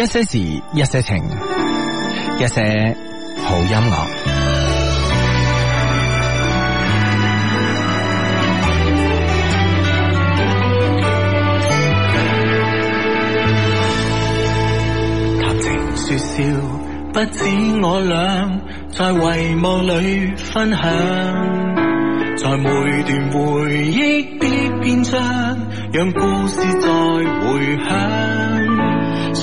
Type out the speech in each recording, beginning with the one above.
一些事，一些情，一些好音樂。談 情說笑，不止我倆，在遺夢裏分享，在每段回憶的篇章，讓故事再回響。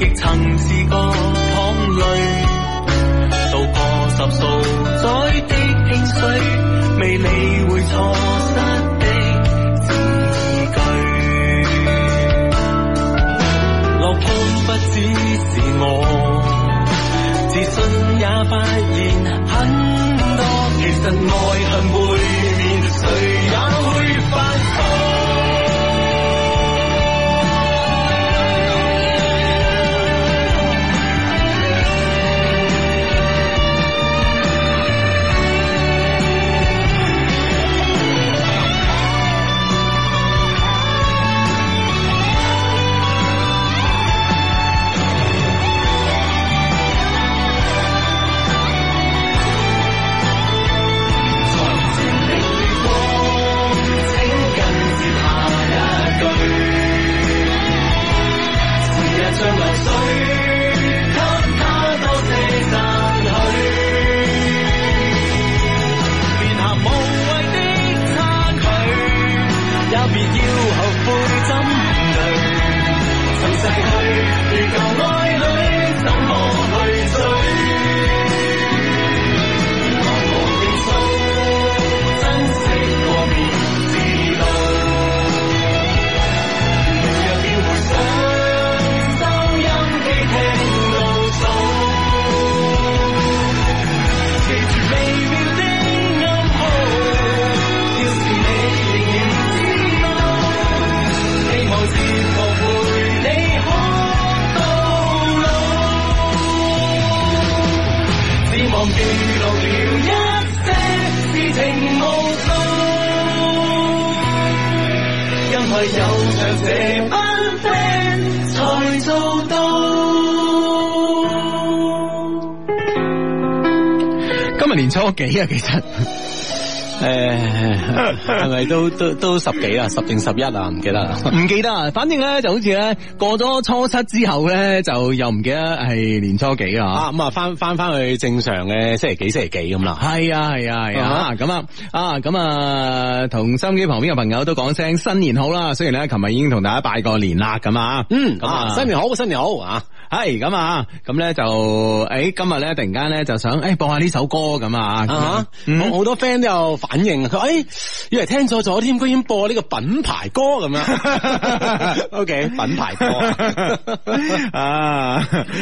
亦曾試過淌淚，渡過十數載的興衰，未理會錯失的字句。落空不只是我，自信也發現很多。其實愛恨。其實，誒、 哎，係咪都都都十幾啊？十定十一啊？唔記得啦，唔記得啊！反正咧就好似咧過咗初七之後咧，就又唔記得係年初幾啊。咁啊翻翻翻去正常嘅星期幾，星期幾咁啦。係啊，係啊，係啊！咁啊啊咁啊，同收音機旁邊嘅朋友都講聲新年好啦。雖然咧琴日已經同大家拜過年啦，咁啊，嗯，咁、嗯、啊，新年好，新年好啊！係咁啊，咁咧就誒、欸，今日咧突然間咧就想誒、欸、播下呢首歌咁啊，好好、uh -huh? 嗯、多 friend 都有反應，佢誒以為聽錯咗添，居然播呢個品牌歌咁樣。 o、okay, K，品牌歌 啊，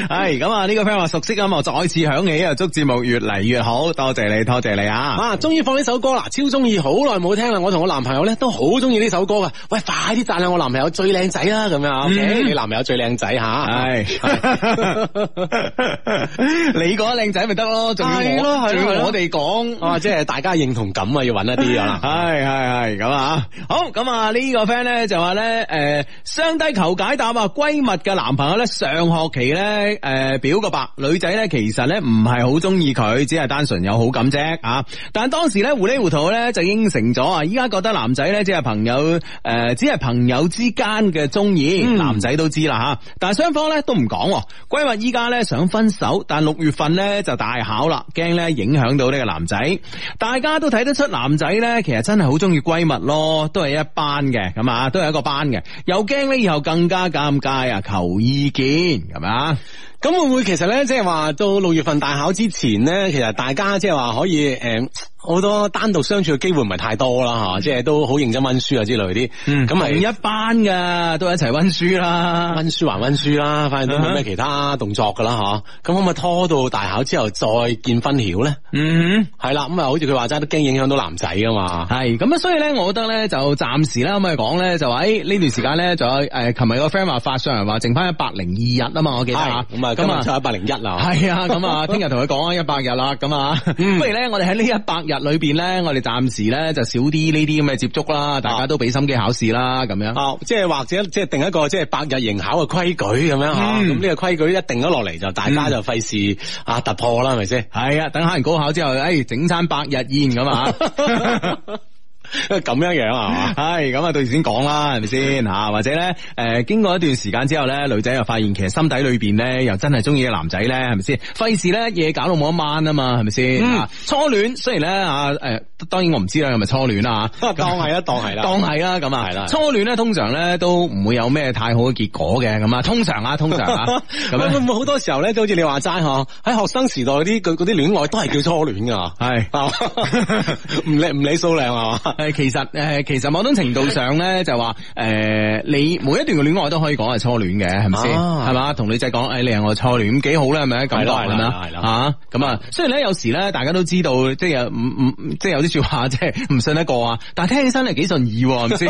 唉咁啊，呢、這個 friend 話熟悉啊嘛，我再次響起啊，祝節目越嚟越好，多謝你，多謝你啊，啊，終於放呢首歌啦，超中意，好耐冇聽啦，我同我男朋友咧都好中意呢首歌啊。喂，快啲讚下我男朋友最靚仔啊，咁樣，O、okay? K，、嗯、你男朋友最靚仔吓，係。啊 你嗰個靚仔咪得咯，仲要仲要我哋講啊，即係大家認同感啊，要揾一啲啊，係係係咁啊，好咁啊呢個 friend 咧就話咧誒，雙、呃、低求解答啊，閨蜜嘅男朋友咧上學期咧誒表個白，女仔咧其實咧唔係好中意佢，只係單純有好感啫啊，但係當時咧糊裏糊塗咧就應承咗啊，依家覺得男仔咧只係朋友誒、呃，只係朋友之間嘅中意，男仔都知啦吓，但係雙方咧都唔講。閨蜜依家咧想分手，但六月份咧就大考啦，驚咧影響到呢個男仔。大家都睇得出男仔咧，其實真係好中意閨蜜咯，都係一班嘅，咁啊，都係一個班嘅。又驚咧以後更加尷尬啊，求意見咁啊？咁會唔會其實咧，即係話到六月份大考之前咧，其實大家即係話可以誒，好多單獨相處嘅機會唔係太多啦吓，即係都好認真温書啊之類啲、嗯。咁啊，一班嘅都一齊温書啦，温書還温書啦，反正都冇咩其他動作噶啦吓。咁可唔可以拖到大考之後再見分曉咧。嗯，係啦，咁啊，好似佢話齋都驚影響到男仔㗎嘛。係，咁啊，所以咧，我覺得咧就暫時可唔可以講咧，就話誒呢段時間咧，就誒琴日個 friend 話發上嚟話剩翻一百零二日啊嘛，我記得吓。咁啊。啊、今日就一百零一啦，係啊，咁啊，聽日同佢講一百日啦，咁啊、嗯，不如咧，我哋喺呢一百日裏邊咧，我哋暫時咧就少啲呢啲咁嘅接觸啦，啊、大家都俾心機考試啦，咁、啊、樣，哦、啊，即係或者即係定一個即係百日迎考嘅規矩咁樣吓，咁、啊、呢、啊嗯呢個規矩一定咗落嚟就大家就費事啊突破啦，係咪先？係啊，等考完高考之後，誒、哎，整餐百日宴咁啊。啊 咁樣樣啊，係咁啊，到時先講啦，係咪先吓？或者咧，誒、呃，經過一段時間之後咧，女仔又發現其實心底裏邊咧，又真係中意嘅男仔咧，係咪先？費事咧，嘢搞到冇一晚啊嘛，係咪先？初戀雖然咧啊，誒、呃，當然我唔知啦，係咪初戀啦？當係啦、啊，當係啦，當係啦，咁啊，係啦。初戀咧，通常咧都唔會有咩太好嘅結果嘅，咁啊，通常啊，通常啊，咁、 啊、樣。會唔會好多時候咧，都好似你話齋嗬？喺學生時代嗰啲，佢嗰啲戀愛都係叫初戀噶，係，唔 理唔理數量啊其實誒、呃，其實某種程度上咧，就話誒、呃，你每一段嘅戀愛都可以講係初戀嘅，係咪先？係嘛，同、啊、女仔講，誒、哎，你係我初戀，咁幾好呢？係咪啊咁落嚟啦？吓咁啊，雖然咧有時咧，大家都知道，即係、嗯、有啲說話即係唔信得過啊，但係聽起身係幾順耳，係咪先？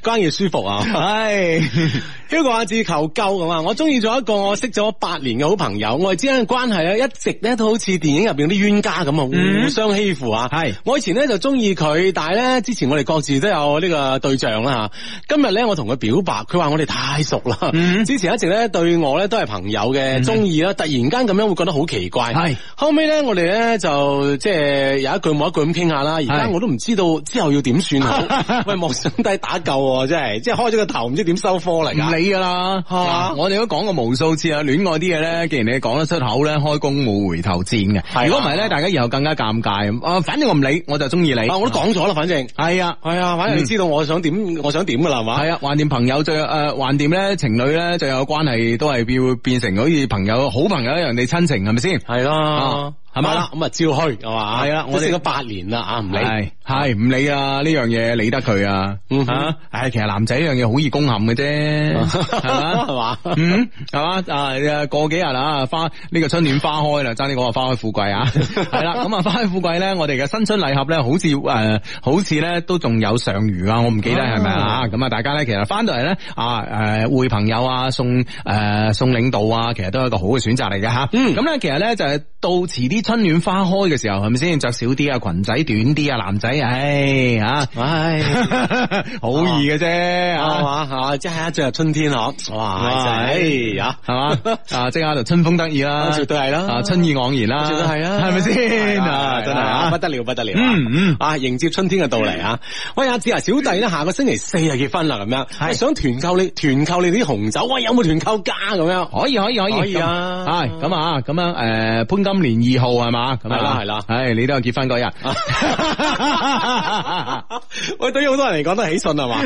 關係舒服啊，唉，Hugo 阿志求救咁啊，我中意咗一個我識咗八年嘅好朋友，我哋之間嘅關係咧，一直咧都好似電影入邊啲冤家咁啊、嗯，互相欺負啊，係。我以前咧就中意佢，但係咧。之前我哋各自都有呢個對象啦吓，今日咧我同佢表白，佢話我哋太熟啦。Mm -hmm. 之前一直咧對我咧都係朋友嘅、中意啦，突然間咁樣會覺得好奇怪。係、mm -hmm. 後尾咧，我哋咧就即係有一句冇一句咁傾下啦。Mm -hmm. 而家我都唔知道之後要點算啊！ 喂，莫想低打救，真係即係開咗個頭，唔知點收科嚟噶。唔理噶啦，yeah. 我哋都講過無數次啊，戀愛啲嘢咧，既然你講得出口咧，開弓冇回頭箭嘅。如果唔係咧，大家以後更加尷尬。啊，反正我唔理，我就中意你。Yeah. 我都講咗啦，反正。係啊，係啊，反正你知道我想點，嗯、我想點噶啦嘛。係啊，橫掂朋友最誒，橫掂咧情侶咧最有關係，都係變變成好似朋友、好朋友一樣你親情，係咪先？係咯。係嘛啦，咁、嗯、啊照開係嘛，我哋成、就是、八年啦啊，唔理係唔理啊呢樣嘢，理得佢啊，吓，唉，其實男仔呢樣嘢好易攻陷嘅啫，係嘛係嘛，是是 嗯，係嘛啊，過幾日啦、啊，花呢、這個春暖花開啦，爭啲講話，花開富貴啊，係啦，咁啊，花開富貴咧，我哋嘅新春禮盒咧，好似誒、呃，好似咧都仲有上餘啊，我唔記得係咪啊？咁啊，大家咧其實翻到嚟咧啊，誒，會朋友啊，送誒、呃、送領導啊，其實都係一個好嘅選擇嚟嘅吓，咁、嗯、咧其實咧就係、是、到遲啲。春暖花開嘅時候係咪先着少啲啊，裙仔短啲啊，男仔唉吓唉，好易嘅啫係即係一着係春天啊。哇係吓係嘛啊，即刻就春風得意啦，絕對係啦，啊春意盎然啦，絕對係啊，係咪先啊，啊真係啊，不得了不得了啊，迎接春天嘅到嚟啊，喂阿子啊小弟呢？下個星期四啊結婚啦咁樣，想團購你團購你啲紅酒，有冇團購價咁樣？可以可以可以可以啊，係咁啊咁樣誒潘金蓮二號。係、嗯、嘛，咁係啦，係啦，你都有結婚嗰日，啊、 喂，對於好多人嚟講都係喜訊係嘛，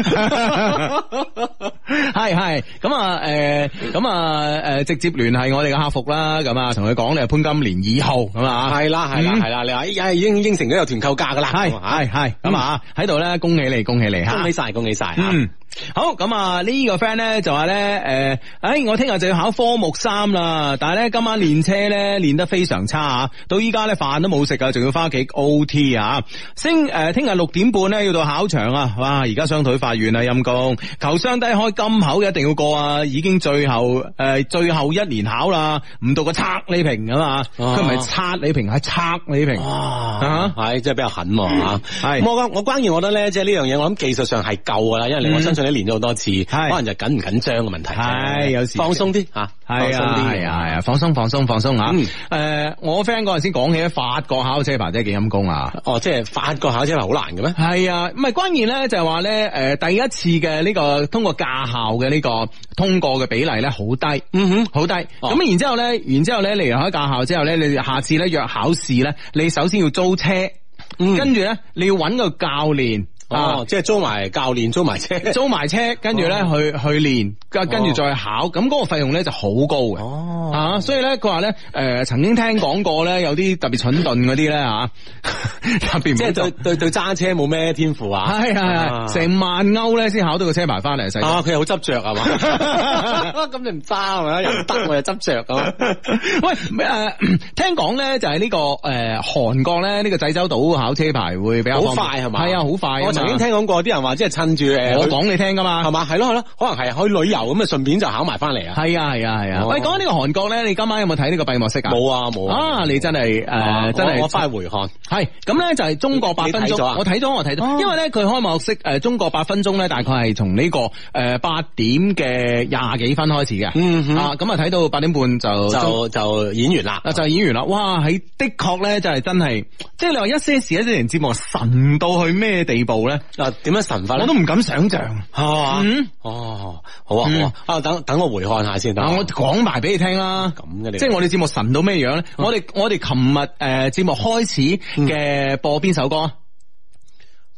係係，咁 啊，誒，咁啊，誒、呃，直接聯繫我哋嘅客服啦，咁啊，同佢講你係潘金蓮二號，咁啊，係啦，係啦，係啦，你、嗯、話，已經應承咗有團購價噶啦，係，係，係，咁啊，喺度咧，恭喜你，恭喜你，恭喜晒，恭喜晒，吓。啊嗯好咁啊！呢、這個 friend 咧就話咧，誒、哎，我聽日就要考科目三啦，但係咧今晚練車咧練得非常差啊，到依家咧飯都冇食啊，仲要翻屋企 O T 啊，星誒，聽日六點半咧要到考場啊，哇！而家雙腿發軟啊，陰功求傷低開金口一定要過啊，已經最後誒最後一年考啦，唔到個測你平咁啊，佢唔係測你平係測你平係，係即係比較狠喎。係、嗯、我個我關於覺得咧，即係呢樣嘢，我諗技術上係夠噶啦，因為我相信一年咗好多次，係可能就緊唔緊張嘅問題，係有時放鬆啲吓，係啊係啊，放鬆放鬆放鬆啊！誒、嗯嗯呃，我 friend 嗰陣先講起法國考車牌真係幾陰功啊！哦，即係法國考車牌好難嘅咩？係、嗯、啊，咁啊關鍵咧就係話咧，誒、呃，第一次嘅呢、這個通過駕校嘅呢、這個通過嘅比例咧好低，嗯哼，好低。咁然之後咧，然之後咧離開駕校之後咧，你下次咧約考試咧，你首先要租車，跟住咧你要揾個教練。啊、哦！即係租埋教練，租埋車，租埋車，跟住咧去、哦、去練，跟跟住再考。咁、那、嗰個費用咧就好高嘅。哦，吓、啊，所以咧佢話咧，誒、呃，曾經聽講過咧，有啲特別蠢鈍嗰啲咧吓，特別即係對對對揸車冇咩天賦啊？係啊，啊，成萬歐咧先考到個車牌翻嚟，佢、啊、 又好執着係嘛？咁你唔揸係咪又得我又執着咁。 喂，誒、呃，聽講咧就係、這個呃、呢、這個誒韓國咧呢個濟州島考車牌會比較快係嘛？係啊，好快。哦。曾經聽講過啲人話，即係趁住誒，我講你聽噶嘛，係嘛，係咯，係咯，可能係去旅遊咁啊，順便就考埋翻嚟啊。係啊，係啊，係啊。喂、哦，講呢個韓國咧，你今晚有冇睇呢個閉幕式啊？冇啊，冇啊。啊，你真係誒、啊呃，真係我翻去回看。係咁咧，就係中國八分鐘，我睇咗，我睇到、啊。因為咧，佢開幕式誒、呃，中國八分鐘咧，大概係從呢個誒八點嘅廿幾分開始嘅。咁、嗯、啊，睇到八點半就就就演完啦，就演完啦、啊。哇，喺的確咧，就係、是、真係，即係你話一些事一些情節目神到去咩地步？咧啊，點樣神法咧？我都唔敢想象，係、嗯、嘛？哦好、啊嗯，好啊，好啊，啊，等等我回看下、嗯、先。嗱，我講埋俾你聽啦。咁、嗯、嘅，即係我哋節目神到咩樣咧、嗯？我哋我哋琴日誒節目開始嘅播邊首歌？嗯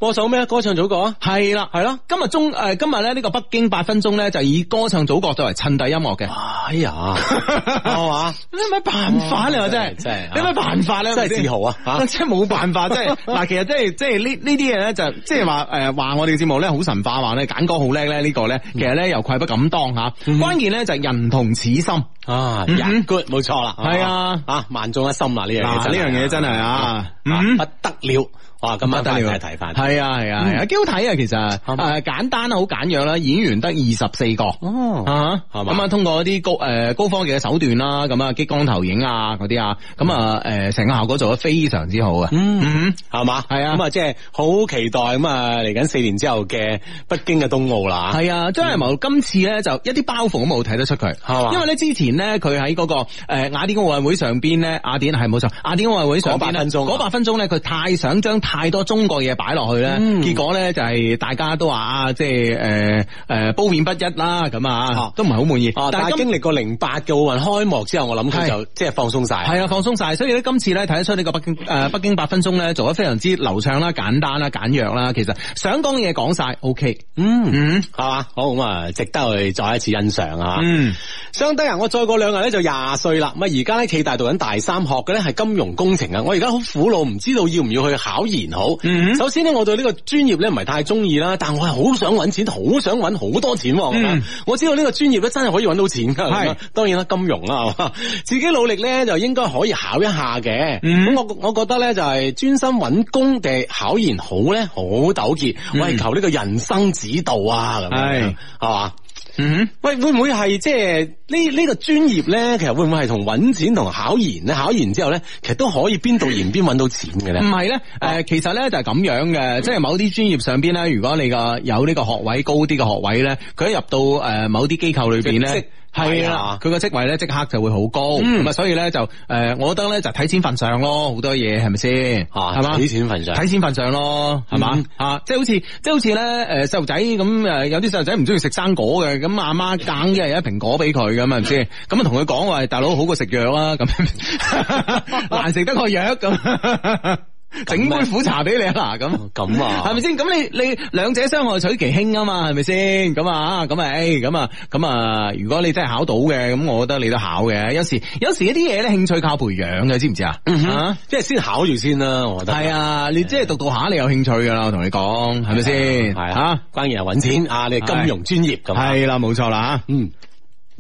播首咩？歌唱祖國啊！係啦，係啦，今日中誒、呃，今日咧呢、這個北京八分鐘咧，就以歌唱祖國作為襯底音樂嘅。哎呀，係、哦、嘛、啊 哦？你有咩辦法呢？你話真係真係，你有咩辦法咧？真係自豪啊！真係冇辦法，即係嗱，其實即係即係呢呢啲嘢咧，就即係話誒話我哋嘅節目咧好神化，話咧揀歌好叻咧呢個咧，其實咧又愧不敢當吓、啊嗯。關鍵咧就是、人同此心啊，人 good 冇錯啦。係啊，啊萬眾一心啦呢、啊啊啊啊、樣，其實呢樣嘢真係啊，不得。了哇！今晚得料，係啊係啊，幾、啊啊嗯、好睇啊！其實誒、呃，簡單啊好簡約啦，演員得二十四個哦，係、啊、嘛。咁啊，通過一啲高誒、呃、高科技嘅手段啦，咁啊，激光投影啊嗰啲、嗯、啊，咁、呃、啊，誒，成個效果做得非常之好、嗯嗯、啊,啊。嗯，係嘛，係啊。咁啊，即係好期待咁啊，嚟緊四年之後嘅北京嘅冬奧啦。係啊，張藝謀今次咧就一啲包袱都冇睇得出佢，因為咧之前呢，佢喺嗰個誒雅典奧運會上邊呢，雅典係冇錯，雅典奧運會上邊嗰八分鐘咧、啊，佢太。係想將太多中國嘢擺落去咧、嗯，結果咧就係大家都話啊，即係誒誒褒貶不一啦，咁啊都唔係好滿意。哦、但係經歷過零八嘅奧運開幕之後，我諗佢就即係、就是、放鬆晒。係啊，放鬆晒。所以咧，今次咧睇得出呢個北京誒、呃、北京八分鐘咧做得非常之流暢啦、簡單啦、簡約啦。其實想講嘅嘢講晒，OK，嗯，係、嗯、嘛，好，咁啊，值得去再一次欣賞啊。嗯，相對人，我再過兩日咧就廿歲啦。咪而家咧暨大讀緊大三學，學嘅咧係金融工程啊。我而家好苦惱，唔知道要唔要。去考研好，首先咧我對呢個專業咧唔係太中意啦，但我係好想搵錢，好想搵好多錢，嗯。我知道呢個專業咧真係可以搵到錢，係當然啦，金融啦，係嘛，自己努力咧就應該可以考一下嘅。咁、嗯、我我覺得咧就係專心搵工嘅考研好咧好糾結，我係求呢個人生指導啊，咁樣係嘛。嗯哼，喂，會唔會係即係呢？呢個專業咧，其實會唔會係同揾錢同考研咧？考研之後咧，其實都可以邊讀研邊揾到錢嘅咧。唔係咧，誒、哦呃，其實咧就係、是、咁樣嘅，即係某啲專業上邊咧，如果你個有呢個學位高啲嘅學位咧，佢一入到誒、呃、某啲機構裏邊咧。就是係啦、啊，佢個職位咧即刻就會好高，咁、嗯、啊所以咧就誒，我覺得咧就睇錢份上咯，好多嘢係咪先吓？係嘛？睇錢份上，睇、啊、錢份上咯，係嘛吓？即係、嗯就是、好似即係好似咧誒，細路仔咁誒，有啲細路仔唔中意食生果嘅，咁阿媽硬一日一蘋果俾佢咁啊，係咪先？咁啊同佢講話大佬好過食藥啦，咁 難食得個藥咁。 整杯苦茶俾你啊！嗱，咁咁啊，係咪先？咁你你兩者相害取其輕啊嘛，係咪先？咁啊，咁、欸、誒，咁啊，如果你真係考到嘅，咁我覺得你都考嘅。有時有時一啲嘢咧，興趣靠培養嘅、嗯，知唔知、嗯、啊？即係先考住先啦，我覺得係啊，啊。你即係讀到下，你有興趣噶啦，我同你講，係咪先？係啊，啊，啊，關鍵係搵錢啊，你係金融專業咁，係啦、啊，冇錯、啊啊、啦，嗯。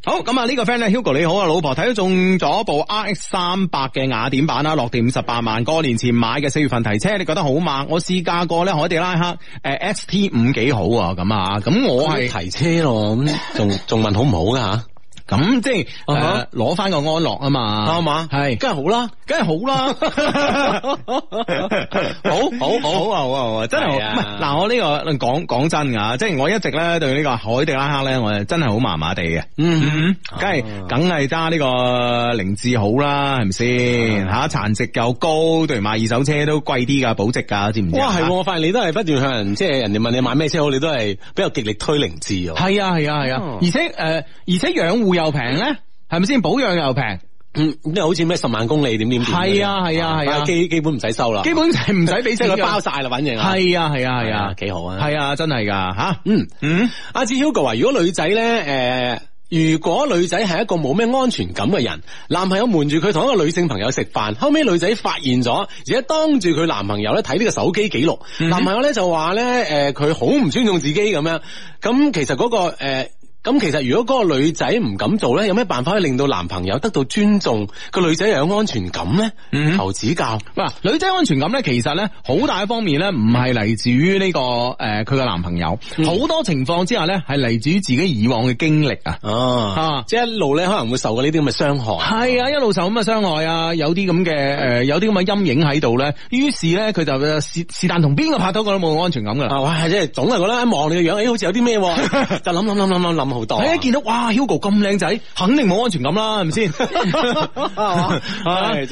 好咁啊！呢、這個 friend 咧，Hugo 你好啊，老婆睇到中咗部 RX 三百嘅雅典版啦，落地五十八萬，過年前買嘅，四月份提車，你覺得好猛。我試駕過咧，凱迪拉克誒，XT 五幾好啊？咁啊，咁我係提車咯，咁仲仲問好唔好噶吓？ 咁、嗯、即係攞翻個安樂啊嘛，啱嘛，係，梗係好啦，梗係好啦， 好好好，好，好，好，好啊，好啊，我這個、真係唔係，嗱我呢個講講真噶，即係我一直咧對呢個凱迪拉克咧，我真係好麻麻地嘅，嗯，嗯，嗯，梗係梗係揸呢個凌志好啦，係咪先吓，殘、啊啊、值又高，對賣二手車都貴啲噶，保值噶，知唔知？哇，係、啊、我發現你都係不斷向人，即、就、係、是、人哋問你買咩車好，你都係比較極力推凌志喎！係啊係啊係啊、嗯，而且誒、呃，而且養護。又平咧，係咪先，保養又平？嗯，即係、嗯、好似咩十萬公里點點點。係啊係啊係啊，啊，啊，基基本唔使收啦。基本係唔使俾錢。佢 包晒啦，反正。係啊係啊係啊，幾、啊啊啊、好啊。係啊，真係噶吓。嗯嗯，阿、啊、志 Hugo 話：如果女仔咧，誒、呃，如果女仔係一個冇咩安全感嘅人，男朋友瞞住佢同一個女性朋友食飯，後尾女仔發現咗，而家當住佢男朋友咧睇呢個手機記錄，男朋友咧就話咧，誒、呃，佢好唔尊重自己咁樣。咁其實嗰、嗰個誒。呃咁其實如果嗰個女仔唔敢做咧，有咩辦法可以令到男朋友得到尊重，個女仔又有安全感呢？求、嗯、指教。嗱，女仔安全感咧，其實咧好大一方面咧、這個，唔係嚟自於呢個誒佢個男朋友。好、嗯、多情況之下咧，係嚟自於自己以往嘅經歷啊。哦、啊，即係一路咧可能會受過呢啲咁嘅傷害。係啊，啊，一路受咁嘅傷害啊，有啲咁嘅誒，有啲咁嘅陰影喺度咧。於是咧，佢就是是但同邊個拍拖，覺得冇安全感噶啦。哇、啊，即係總係覺得一望你嘅樣，好似有啲咩， 就諗諗諗諗諗諗。你一、啊、見到哇，Hugo 咁靚仔，肯定冇安全感啦，係咪先？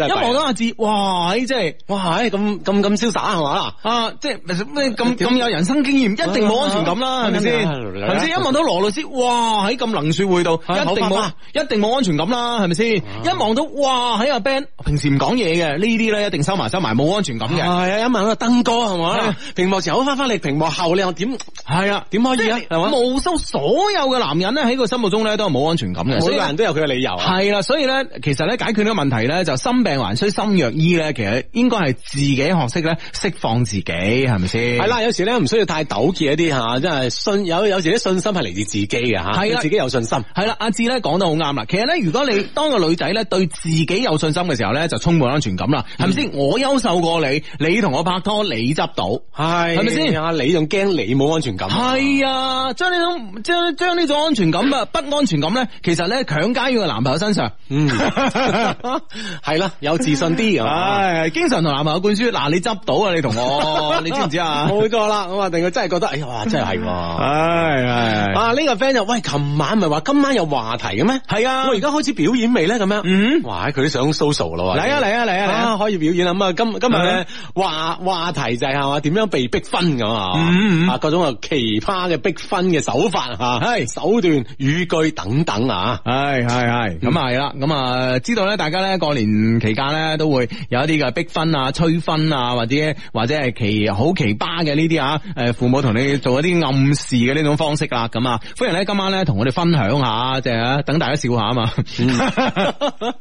一望到阿志，哇，喺真係，哇，喺咁咁咁瀟灑係嘛？啊，即係咩咁咁有人生經驗、哎，一定冇安全感啦，係咪先？係咪先？一望到羅律師，哇，喺咁能說會道，一定冇、啊啊，一定冇安全感啦，係咪先？一望到，哇，喺阿 Ben 平時唔講嘢嘅呢啲咧，這些，一定收埋收埋，冇安全感嘅。係啊，一望到阿登哥係嘛？屏幕前好翻翻嚟，屏幕後你又點？係啊，點可以啊？係嘛？冇收所有嘅男。人咧喺個心目中咧都係冇安全感嘅，所有人都有佢嘅理由。係啦，所以咧，其實咧，解決呢個問題咧，就是、心病還需心藥醫咧，其實應該係自己學識咧釋放自己，係咪先？係啦，有時咧唔需要太糾結一啲吓，真係信有有時啲信心係嚟自自己嘅吓，係自己有信心。係啦，阿志咧講得好啱啦。其實咧，如果你當個女仔咧對自己有信心嘅時候咧，就充滿安全感啦，係咪先？我優秀過你，你同我拍拖，你執到係，係咪先？阿、啊、你仲驚你冇安全感？係啊，將呢種將將呢種。安全感啊，不安全感咧，其實咧強加於個男朋友身上，嗯，係 啦， 有自信啲，係、哎，經常同男朋友灌輸，嗱，你執到啊，你同我，你知唔知啊？冇錯啦，我話令佢真係覺得，哎呀，真係係，唉、哎哎哎哎，啊，呢、這個 friend 又喂，琴晚咪話今晚有話題嘅咩？係啊，我而家開始表演未咧？咁樣，嗯，哇，佢都想 social 咯 -so，嚟啊嚟啊嚟啊嚟、啊啊，可以表演啊！咁、嗯、啊，今今日咧話話題就係話點樣被逼婚咁啊，啊，各種奇葩嘅逼婚嘅手法吓，唉、嗯。啊好段語句等等啊，係系係咁係啦，咁啊、嗯嗯、知道咧，大家咧過年期間咧都會有一啲嘅逼婚啊、催婚啊，或者或者係奇好奇葩嘅呢啲啊，誒父母同你做一啲暗示嘅呢種方式啦，咁啊，歡迎咧今晚咧同我哋分享下，即係等大家笑下啊嘛。誒、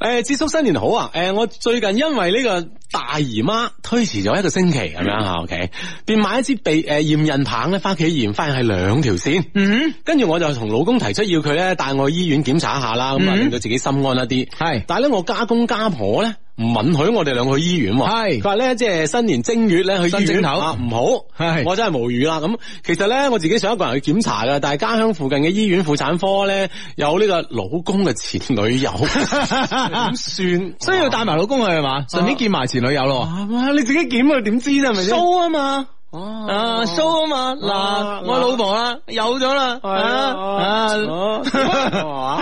嗯，志 叔 新年好啊！誒，我最近因為呢個大姨媽推遲咗一個星期咁樣吓，OK，便買一支鼻誒驗孕棒咧，翻屋企驗，發現係兩條線。嗯跟住我就同老公提出要佢咧帶我去醫院檢查一下啦，咁、嗯、令到自己心安一啲。係，但係咧我家公家婆咧唔允許我哋兩個去醫院。係，佢話咧即係新年正月咧去醫院頭啊，唔好。係，我真係無語啦。咁其實咧我自己想一個人去檢查噶，但係家鄉附近嘅醫院婦產科咧有呢個老公嘅前女友，點 算？需要帶埋老公去係嘛？順、啊、便見埋前女友咯、啊。你自己檢點知係咪？騷啊嘛！哦 show 啊嘛，嗱、啊啊啊，我老婆啦，有咗啦，啊，啊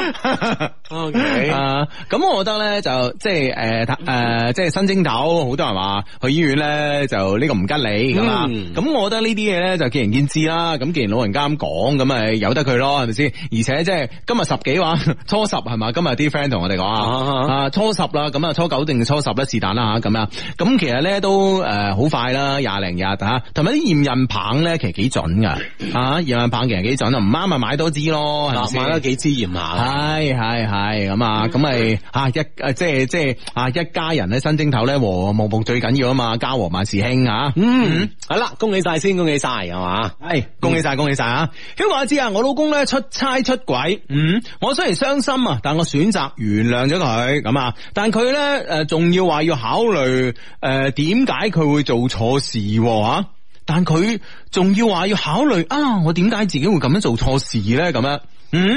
，OK 啊，咁我覺得咧就即係誒誒，即係新蒸頭，好多人話去醫院咧就呢個唔吉利咁啊，咁我覺得呢啲嘢咧就見仁見智啦，咁既然老人家咁講，咁咪由得佢咯，係咪先？而且即係今日十幾話初十係嘛？今日啲 friend 同我哋講啊，初十啦，咁啊、uh, 初，初九定初，初十咧是但啦吓，咁樣，咁、啊、其實咧都誒好快啦，廿零日吓。咁啲驗孕棒咧，其實幾準噶，吓驗孕棒其實幾準 啊，唔啱咪買多支咯、嗯，買多幾支驗下。係係係咁啊，咁、嗯、咪、啊、一誒，即係即係啊，一家人咧新蒸頭咧和和睦睦最緊要啊嘛，家和萬事興啊。嗯，好、嗯、啦，恭喜晒先，恭喜晒係嘛，係恭喜晒，恭喜晒、嗯、啊！望我知啊，我老公咧出差出軌，嗯，我雖然傷心啊，但我選擇原諒咗佢咁啊，但佢咧誒仲要話要考慮誒點解佢會做錯事啊？但佢仲要話要考慮啊，我點解自己會咁樣做錯事咧？咁樣，嗯，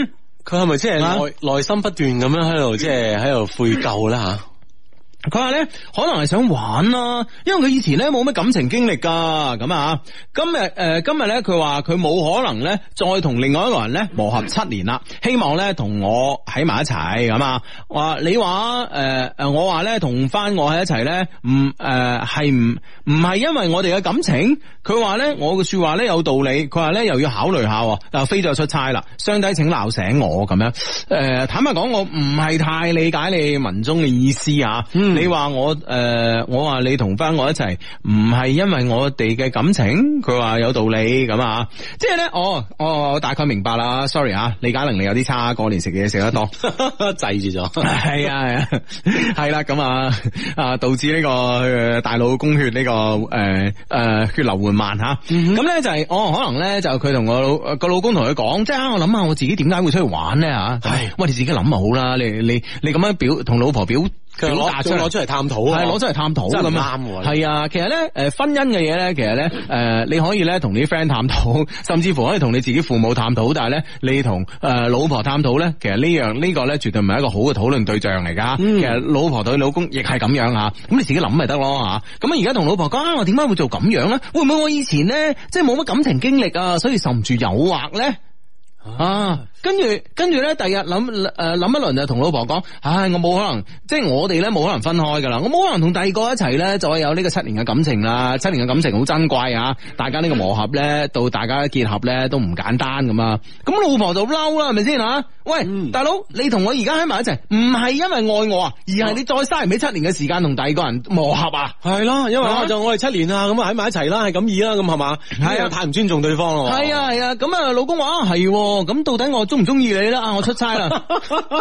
佢係咪即係內內心不斷咁樣喺度，即係喺度悔疚啦吓？佢話咧可能係想玩啦、啊，因為佢以前咧冇咩感情經歷噶咁啊。今日誒、呃，今日咧佢話佢冇可能咧再同另外一個人咧磨合七年啦，希望咧同我喺埋一齊咁啊。話你話誒誒，我話咧同翻我喺一齊咧唔誒係唔唔係因為我哋嘅感情，佢話咧我嘅說話咧有道理，佢話咧又要考慮下，但係飛咗出差啦，相低請鬧醒我咁樣、啊。誒，坦白講，我唔係太理解你文中嘅意思啊。嗯。你話我誒、呃，我話你同翻我一齊，唔係因為我哋嘅感情。佢話有道理咁啊，即係咧，哦、就、哦、是，我我大概明白啦。Sorry 啊，理解能力有啲差，過年食嘢食得多， 制住咗。係啊係啊，係啦咁啊 啊，啊，導致呢、這個大腦供血呢、這個誒誒、呃、血流緩慢吓。咁、嗯、咧就係、是，哦可能咧就佢同我個老，老公同佢講，即、就、係、是、我諗下我自己點解會出去玩咧吓。係，喂你自己諗就好啦，你你你咁樣表同老婆表。佢攞，想攞出嚟探討啊！係攞出嚟探討，真係咁啱喎。係啊，其實咧，誒，婚姻嘅嘢咧，其實咧，誒、呃，你可以咧同你啲 friend 探討，甚至乎可以同你自己父母探討。但係咧，你同誒、呃、老婆探討咧，其實、這個這個、呢樣呢個咧，絕對唔係一個好嘅討論對象嚟噶、嗯。其實老婆對老公亦係咁樣吓，咁、啊、你自己諗咪得咯吓。咁啊，而家同老婆講，我點解會做咁樣咧？會唔會我以前咧，即係冇乜感情經歷啊，所以受唔住誘惑咧？啊！跟住，跟住咧，第日諗誒諗一輪就同老婆講，唉、哎，我冇可能，即係我哋咧冇可能分開噶啦，我冇可能同第二個一齊咧，再有呢個七年嘅感情啦，七年嘅感情好珍貴吓、啊，大家呢個磨合咧，到大家結合咧都唔簡單咁啊，咁老婆就嬲啦，係咪先吓？喂，嗯、大佬，你同我而家喺埋一齊，唔係因為愛我啊，而係你再嘥唔起七年嘅時間同第二個人磨合啊？係咯，因為就我哋七年啊，咁啊喺埋一齊啦，係咁意啦，咁係嘛？係啊、哎，太唔尊重對方咯。係啊，係啊，咁啊，老公話啊係，咁到底我？都唔中意你啦啊！我出差啦。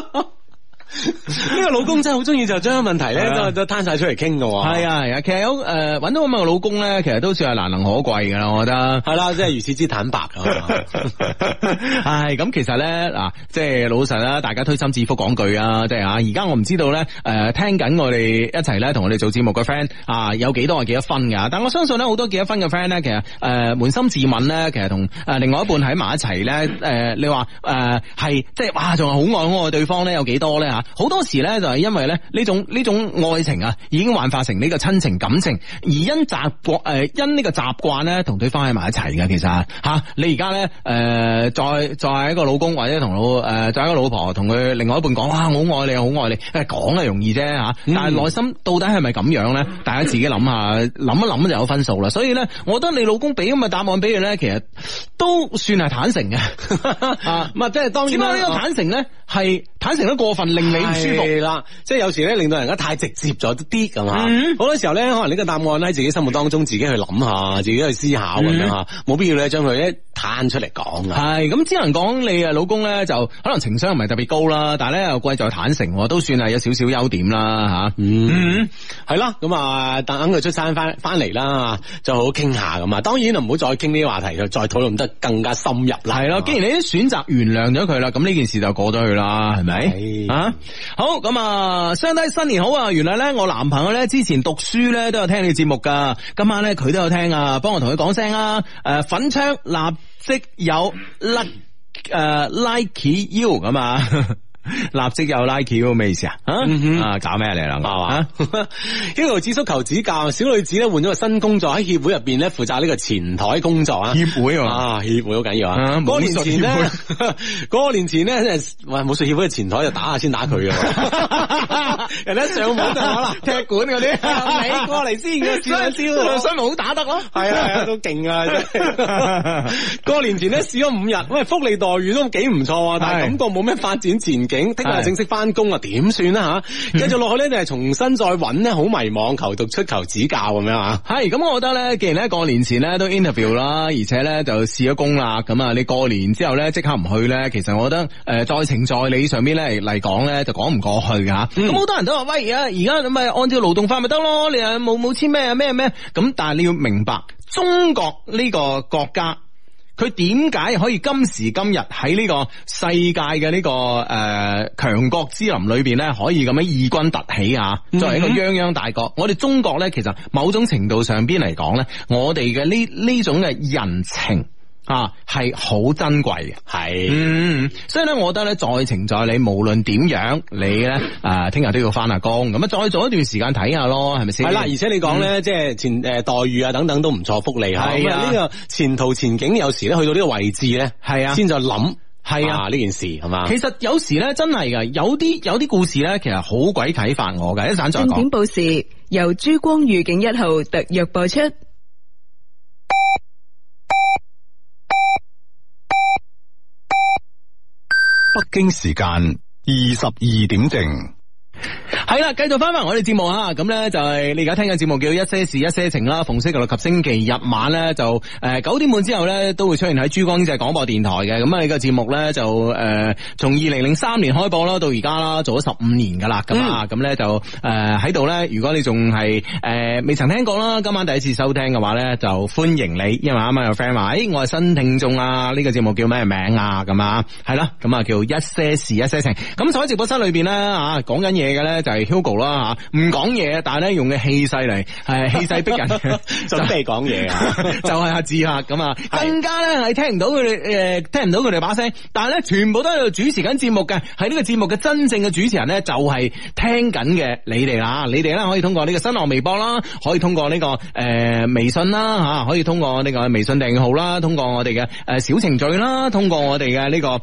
呢 個老公真係好中意，就將問題咧、啊、都，都攤晒出嚟傾噶。係啊，係啊，其實好誒，搵、呃、到咁樣個老公咧，其實都算係難能可貴噶啦。我覺得係啦，即係、啊、如此之坦白。唉、 啊，咁、哎、其實咧嗱、啊，即係老實啦，大家推心置腹講句、就是、啊，即係啊，而家我唔知道咧，誒、呃，聽緊我哋一齊咧，同我哋做節目嘅 friend 啊，有幾多係幾多分噶？但我相信咧，好多幾多分嘅 friend 咧，其實誒，呃、捫心自問咧，其實同誒、呃、另外一半喺埋一齊咧，誒、呃，你話誒係即係哇，仲係好愛好愛嘅對方咧？有幾多咧？好多時咧就係因為咧呢種呢種愛情啊，已經幻化成呢個親情感情，而因習慣誒因呢個習慣咧同對方喺埋一齊嘅，其實吓，你而家咧誒再再一個老公或者同老誒再一個老婆同佢另外一半講啊好愛你，好愛你，講係容易啫吓，但係內心到底係咪咁樣咧？大家自己諗下，諗一諗就有分數啦。所以咧，我覺得你老公俾咁嘅答案俾佢咧，其實都算係坦誠嘅啊，咁啊即係當然。呢個坦誠咧係坦誠得過分令？係啦，即係有時咧，令到人家太直接咗啲，咁、嗯。啊好多時候咧，可能呢個答案咧喺自己心目當中，自己去諗下，自己去思考咁樣，冇必要咧將佢咧攤出嚟講。係咁，只能講你啊，老公咧就可能情商唔係特別高啦，但係咧又貴在坦誠，都算係有少少優點啦，吓。嗯，係、嗯、啦，咁啊等佢出山翻翻嚟啦，就好好傾下咁啊。當然唔好再傾呢啲話題，就再討論得更加深入啦。係啦，既然你都選擇原諒咗佢啦，咁呢件事就過咗去啦，係咪？啊？好咁啊，相睇新年好啊！原來咧，我男朋友咧之前讀書咧都有聽呢個節目噶，今晚咧佢都有聽啊，幫我同佢講聲啊！誒、呃，粉槍立即有甩誒 like you 咁啊！ 立即又 like 咁咩意思啊？嗯、啊搞咩嚟啦？係嘛？呢、啊啊、個智叔求指教，小女子咧換咗個新工作喺協會入邊咧負責呢個前台工作啊！協會啊，協會好緊要啊！過、啊那個、年前呢，過、那個、年前呢，喂武術協會嘅前台就打下先打佢嘅， 人一上網就可啦踢館嗰啲，你過嚟先嘅招招，我想好打得咯。係啊都勁啊！過、啊、 年前呢，試咗五日，喂福利待遇都幾唔錯，但係感覺冇咩發展前景。聽日正式翻工啊，點算啦吓？繼續落去咧，就係重新再揾呢，好迷茫，求讀出求指教咁樣啊！係、嗯、咁，我覺得咧，既然咧過年前咧都 interview 啦，而且咧就試咗工啦，咁啊，你過年之後咧即刻唔去咧，其實我覺得誒、呃，再情在理上邊咧嚟講咧，就講唔過去嘅。咁好多人都話喂，而家而家咁咪按照勞動法咪得咯？你又冇冇簽咩咩咩咁？但係你要明白，中國呢個國家。佢點解可以今時今日喺呢個世界嘅呢個誒、呃、強國之林裏邊咧，可以咁樣異軍突起啊？Mm -hmm. 作為一個泱泱大國，我哋中國咧，其實某種程度上邊嚟講咧，我哋嘅呢呢種嘅人情。啊，係好珍貴嘅，係，嗯，所以咧，我覺得咧，在情在理，無論點樣，你咧，誒，聽日都要返下工，咁啊，再做一段時間睇下咯，係咪先？係啦，而且你講咧、嗯，即係前誒待遇啊等等都唔錯，福利吓，咁啊呢、啊這個前途前景有時咧去到呢個位置咧，係啊，先再諗，係啊呢、啊、件事係嘛？其實有時咧真係噶，有啲有啲故事咧，其實好鬼啟發我嘅，一陣再講。重點報時由珠光御景一號特約播出。北京時間二十二點正。係啦，繼續翻翻我哋節目啊。咁咧就係你而家聽嘅節目叫一些事一些情啦，逢星期六及星期日晚咧就誒九、呃、點半之後咧都會出現喺珠江經濟廣播電台嘅。咁啊呢個節目咧就誒、呃、從二零零三年開播啦，到而家啦做咗十五年噶啦，咁啊咁咧就誒喺度咧，如果你仲係誒未曾聽過啦，今晚第一次收聽嘅話咧就歡迎你，因為啱啱有 friend 話，誒、哎、我係新聽眾啊，呢、呢個節目叫咩名啊？咁啊係啦，咁啊叫一些事一些情，咁坐喺直播室裏邊咧啊講緊嘢。嘅咧就係、是、Hugo 啦吓，唔講嘢，但係咧用嘅氣勢嚟，係氣勢逼人， 就是、準備講嘢啊， 就係阿志客咁啊，更加咧係聽唔到佢哋，誒，聽唔到佢哋把聲，但係咧全部都喺度主持緊節目嘅，喺呢個節目嘅真正嘅主持人咧就係聽緊嘅你哋啦，你哋咧可以通過呢個新浪微博啦，可以通過呢個誒微信啦吓，可以通過呢個微信訂閱號啦，通過我哋嘅誒小程序啦，通過我哋嘅呢個誒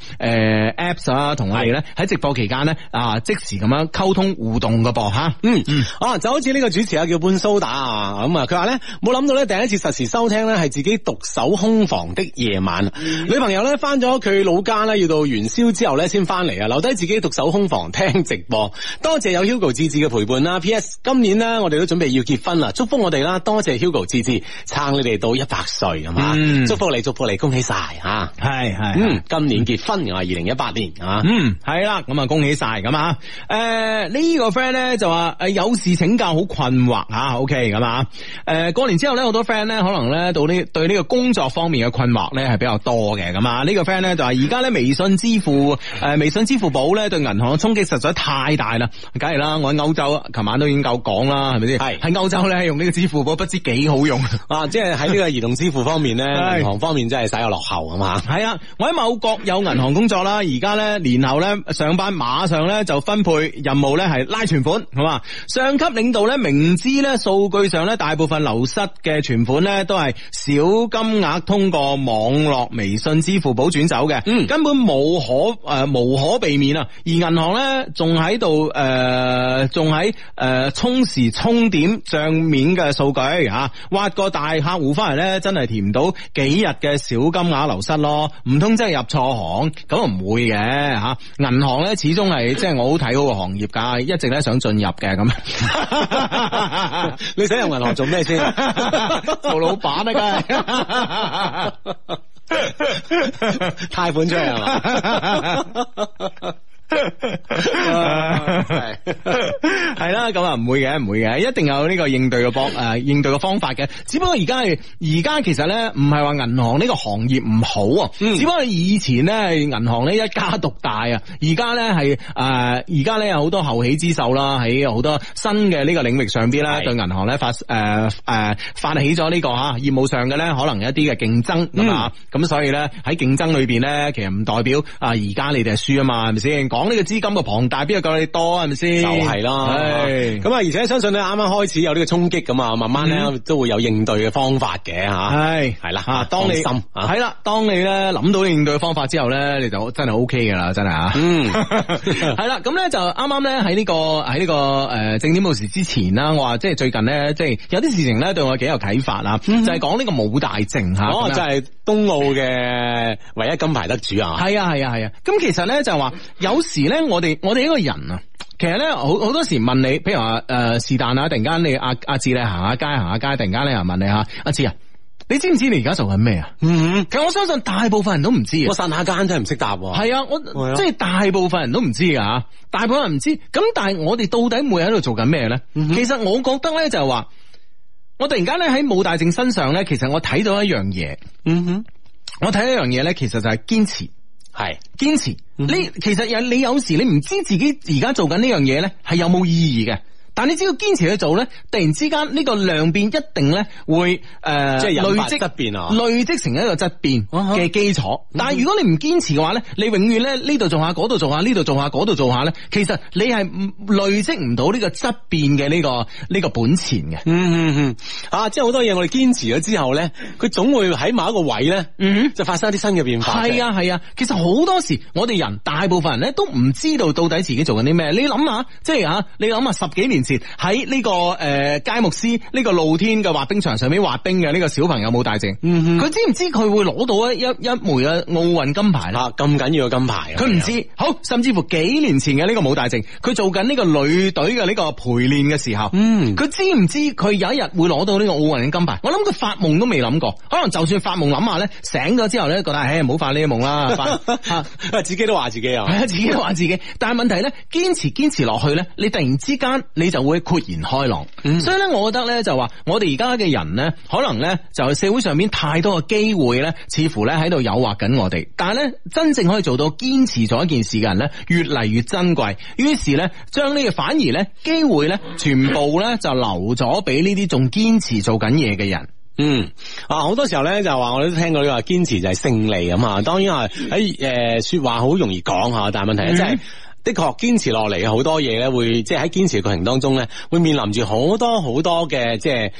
Apps 啊同我哋咧喺直播期間咧啊即時咁樣溝。溝通互動嘅噃吓，嗯嗯，啊就好似呢個主持啊叫半蘇打啊咁啊，佢話咧冇諗到咧第一次實時收聽咧係自己獨守空房的夜晚，嗯、女朋友咧翻咗佢老家咧要到元宵之後咧先翻嚟啊，留低自己獨守空房聽直播，多謝有 Hugo 芝芝嘅陪伴啦。P.S. 今年呢，我哋都準備要結婚啦，祝福我哋啦，多謝 Hugo 芝芝撐你哋到一百歲係嘛？祝福你祝福你，恭喜晒吓，係、啊、係，嗯，今年結婚2018年、嗯、啊，二零一八年係嗯，係啦，咁啊恭喜晒咁啊。誒。呢個 friend 咧就話誒有事請教，好困惑吓，OK 咁啊？誒過年之後咧，好多 friend 咧可能咧到呢對呢個工作方面嘅困惑咧係比較多嘅咁啊？呢個 friend 咧就話而家咧微信支付誒微信支付寶咧對銀行嘅衝擊實在太大啦，梗係啦！我喺歐洲琴晚都已經夠講啦，係咪先？係喺歐洲咧用呢個支付寶不知幾好用啊！ 即係喺呢個移動支付方面咧，銀行方面真係使在落後咁嘛。係啊！我喺某國有銀行工作啦，而家咧年後咧上班馬上咧就分配任務。咧係拉存款，好嘛？上級領導咧明知咧數據上咧大部分流失嘅存款咧都係小金額通過網絡、微信、支付寶轉走嘅，嗯，根本冇可誒、呃、無可避免銀、呃呃、沖沖啊！而銀行咧仲喺度誒仲喺誒沖時沖點賬面嘅數據吓，挖個大客戶翻嚟咧真係填唔到幾日嘅小金額流失咯。唔通真係入錯行咁啊？唔會嘅吓？銀、啊、行咧始終係即係我好睇嗰個行業噶。啊！一直咧想進入嘅咁， 你想用銀行做咩先？做 老闆闆啊，梗係貸款出嚟係嘛？ 係 啦、uh, 咁啊唔會嘅，唔會嘅，一定有呢個應對嘅方誒，應對嘅方法嘅。只不過而家係而家其實咧，唔係話銀行呢個行業唔好啊，嗯、只不過以前咧係銀行咧一家獨大啊，而家咧係誒，而家咧有好多後起之秀啦，喺好多新嘅呢個領域上邊啦，對銀行咧發誒誒發起咗呢個吓業務上嘅咧，可能一啲嘅競爭咁、嗯、啊，咁所以咧喺競爭裏邊咧，其實唔代表啊而家你哋係輸啊嘛，係咪先？講呢個資金嘅龐大，邊個夠你多係係咪先？就係、是、咯，咁啊！而且相信咧，啱啱開始有呢個衝擊咁啊，慢慢咧都會有應對嘅方法嘅吓。係係啦，當你係啦，當你咧諗到應對嘅方法之後咧，你就真係 O K 㗎啦，真係啊。嗯，係 啦。咁咧就啱啱咧喺呢個喺呢個誒，正點報時之前啦，我話即係最近咧，即、就、係、是、有啲事情咧對我幾有啟發啦，就係講呢個冇大正吓。就係、是。冬奧嘅唯一金牌得主啊！係啊，係啊，係啊！咁其實咧就話，有時咧我哋我哋呢個人啊，其實咧好好多時問你，譬如話誒是但啊，突然間你阿阿志咧行下街行下街，突然間咧又問你吓阿志啊，你知唔知你而家做緊咩啊？嗯，其實我相信大部分人都唔知，我散下間真係唔識答。係啊，我即係、啊就是、大部分人都唔知噶吓，大部分人唔知。咁但係我哋到底每日喺度做緊咩咧？其實我覺得咧就係話。我突然間咧喺武大靖身上咧，其實我睇到一樣嘢，嗯哼，我睇到一樣嘢咧，其實就係堅持，係堅持。嗯、你其實有你有時你唔知自己而家做緊呢樣嘢咧，係有冇意義嘅。但你只要堅持去做咧，突然之間呢個量變一定咧會誒、呃、累積質變啊，累積成一個質變嘅基礎，哦哦。但係如果你唔堅持嘅話咧，你永遠咧呢度做下，嗰度做下，呢度做下，嗰度做下咧，其實你係累積唔到呢個質變嘅呢個呢、呢個本錢嘅。嗯嗯嗯，啊，即係好多嘢我哋堅持咗之後咧，佢總會喺某一個位咧、嗯，就發生一啲新嘅變化。係啊係啊，其實好多時我哋人大部分人咧都唔知道到底自己做緊啲咩。你諗下，即係你諗下十幾年前。喺呢、這個誒，佳木斯呢個露天嘅滑冰場上面滑冰嘅呢個小朋友武大靖，佢、嗯、知唔知佢會攞到一一一枚嘅奧運金牌啦？咁、啊、緊要嘅金牌，佢唔知。好，甚至乎幾年前嘅呢個武大靖，佢做緊呢個女隊嘅呢個陪練嘅時候，嗯，佢知唔知佢有一日會攞到呢個奧運嘅金牌？我諗佢發夢都未諗過，可能就算發夢諗下咧，醒咗之後咧，覺得唉，唔好發呢個夢啦，自己都話自己啊，自己都話自己，啊、自己自己 但係問題咧，堅持堅持落去咧，你突然之間你。就會豁然開朗，所以咧，我覺得咧就話，我哋而家嘅人咧，可能咧就係社會上面太多嘅機會咧，似乎咧喺度誘惑緊我哋，但係咧真正可以做到堅持做一件事嘅人咧，越嚟越珍貴，於是咧，將呢個反而咧機會咧，全部咧就留咗俾呢啲仲堅持做緊嘢嘅人。嗯，啊，好多時候咧就話，我哋都聽過呢個堅持就係勝利啊嘛，當然係喺誒說話好容易講下，但係問題真、就、係、是。嗯的確堅持落嚟，嘅好多嘢咧，會即係喺堅持嘅過程當中咧，會面臨住好多好多嘅即係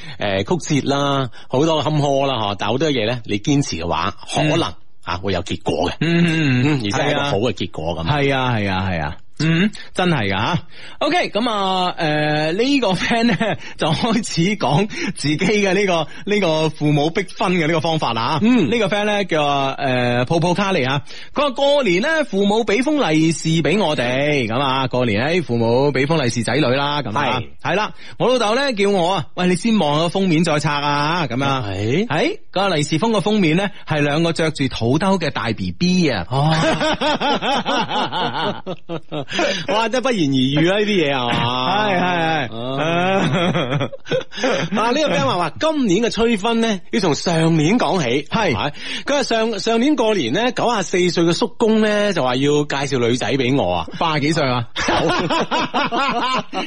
誒曲折啦，好多坎坷啦，嗬。但好多嘢咧，你堅持嘅話，嗯、可能啊會有結果嘅、嗯，嗯，而且係、啊、一個好嘅結果咁。係啊，係啊，係啊。係啊嗯，真係噶吓。OK，咁啊，誒、呃這個、呢個 friend 咧就開始講自己嘅呢、這個呢、這個父母逼婚嘅呢個方法啦吓。嗯，這個、fan 呢個 friend 咧叫啊，誒、呃，泡泡卡利啊，佢話過年咧，父母俾封利是俾我哋，咁、嗯、啊，過年誒父母俾封利是仔女啦，咁係係啦，我老豆咧叫我啊，喂，你先望個封面再拆啊，咁樣、啊，誒、嗯、誒，哎那個利是封個封面咧係兩個着住肚兜嘅大 B B 啊。哦 哇，真係不言而喻啦，呢啲嘢，係嘛？係係係。啊，呢、 啊，這個 friend 話：，話今年嘅催婚咧，要從上年講起。係，佢話上上年過年咧、啊，九十四歲嘅叔公咧就話要介紹女仔俾我啊，八啊幾歲啊？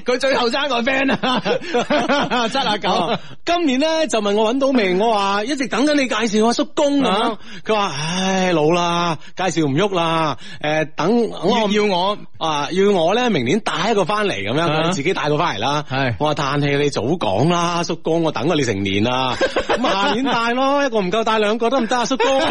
佢最後生個 friend 啊，七啊九。今年咧就問我搵到未？我話一直等緊你介紹啊，叔公啊。佢話：，唉，老啦，介紹唔喐啦。誒、呃，等我，我要我啊？要我咧，明年帶一個翻嚟咁樣，自己帶個翻嚟啦。係、啊，我話嘆氣，但你早講啦，叔公，我等咗你成年啦。咁 下年帶咯，一個唔夠帶兩個都唔得啊，叔公。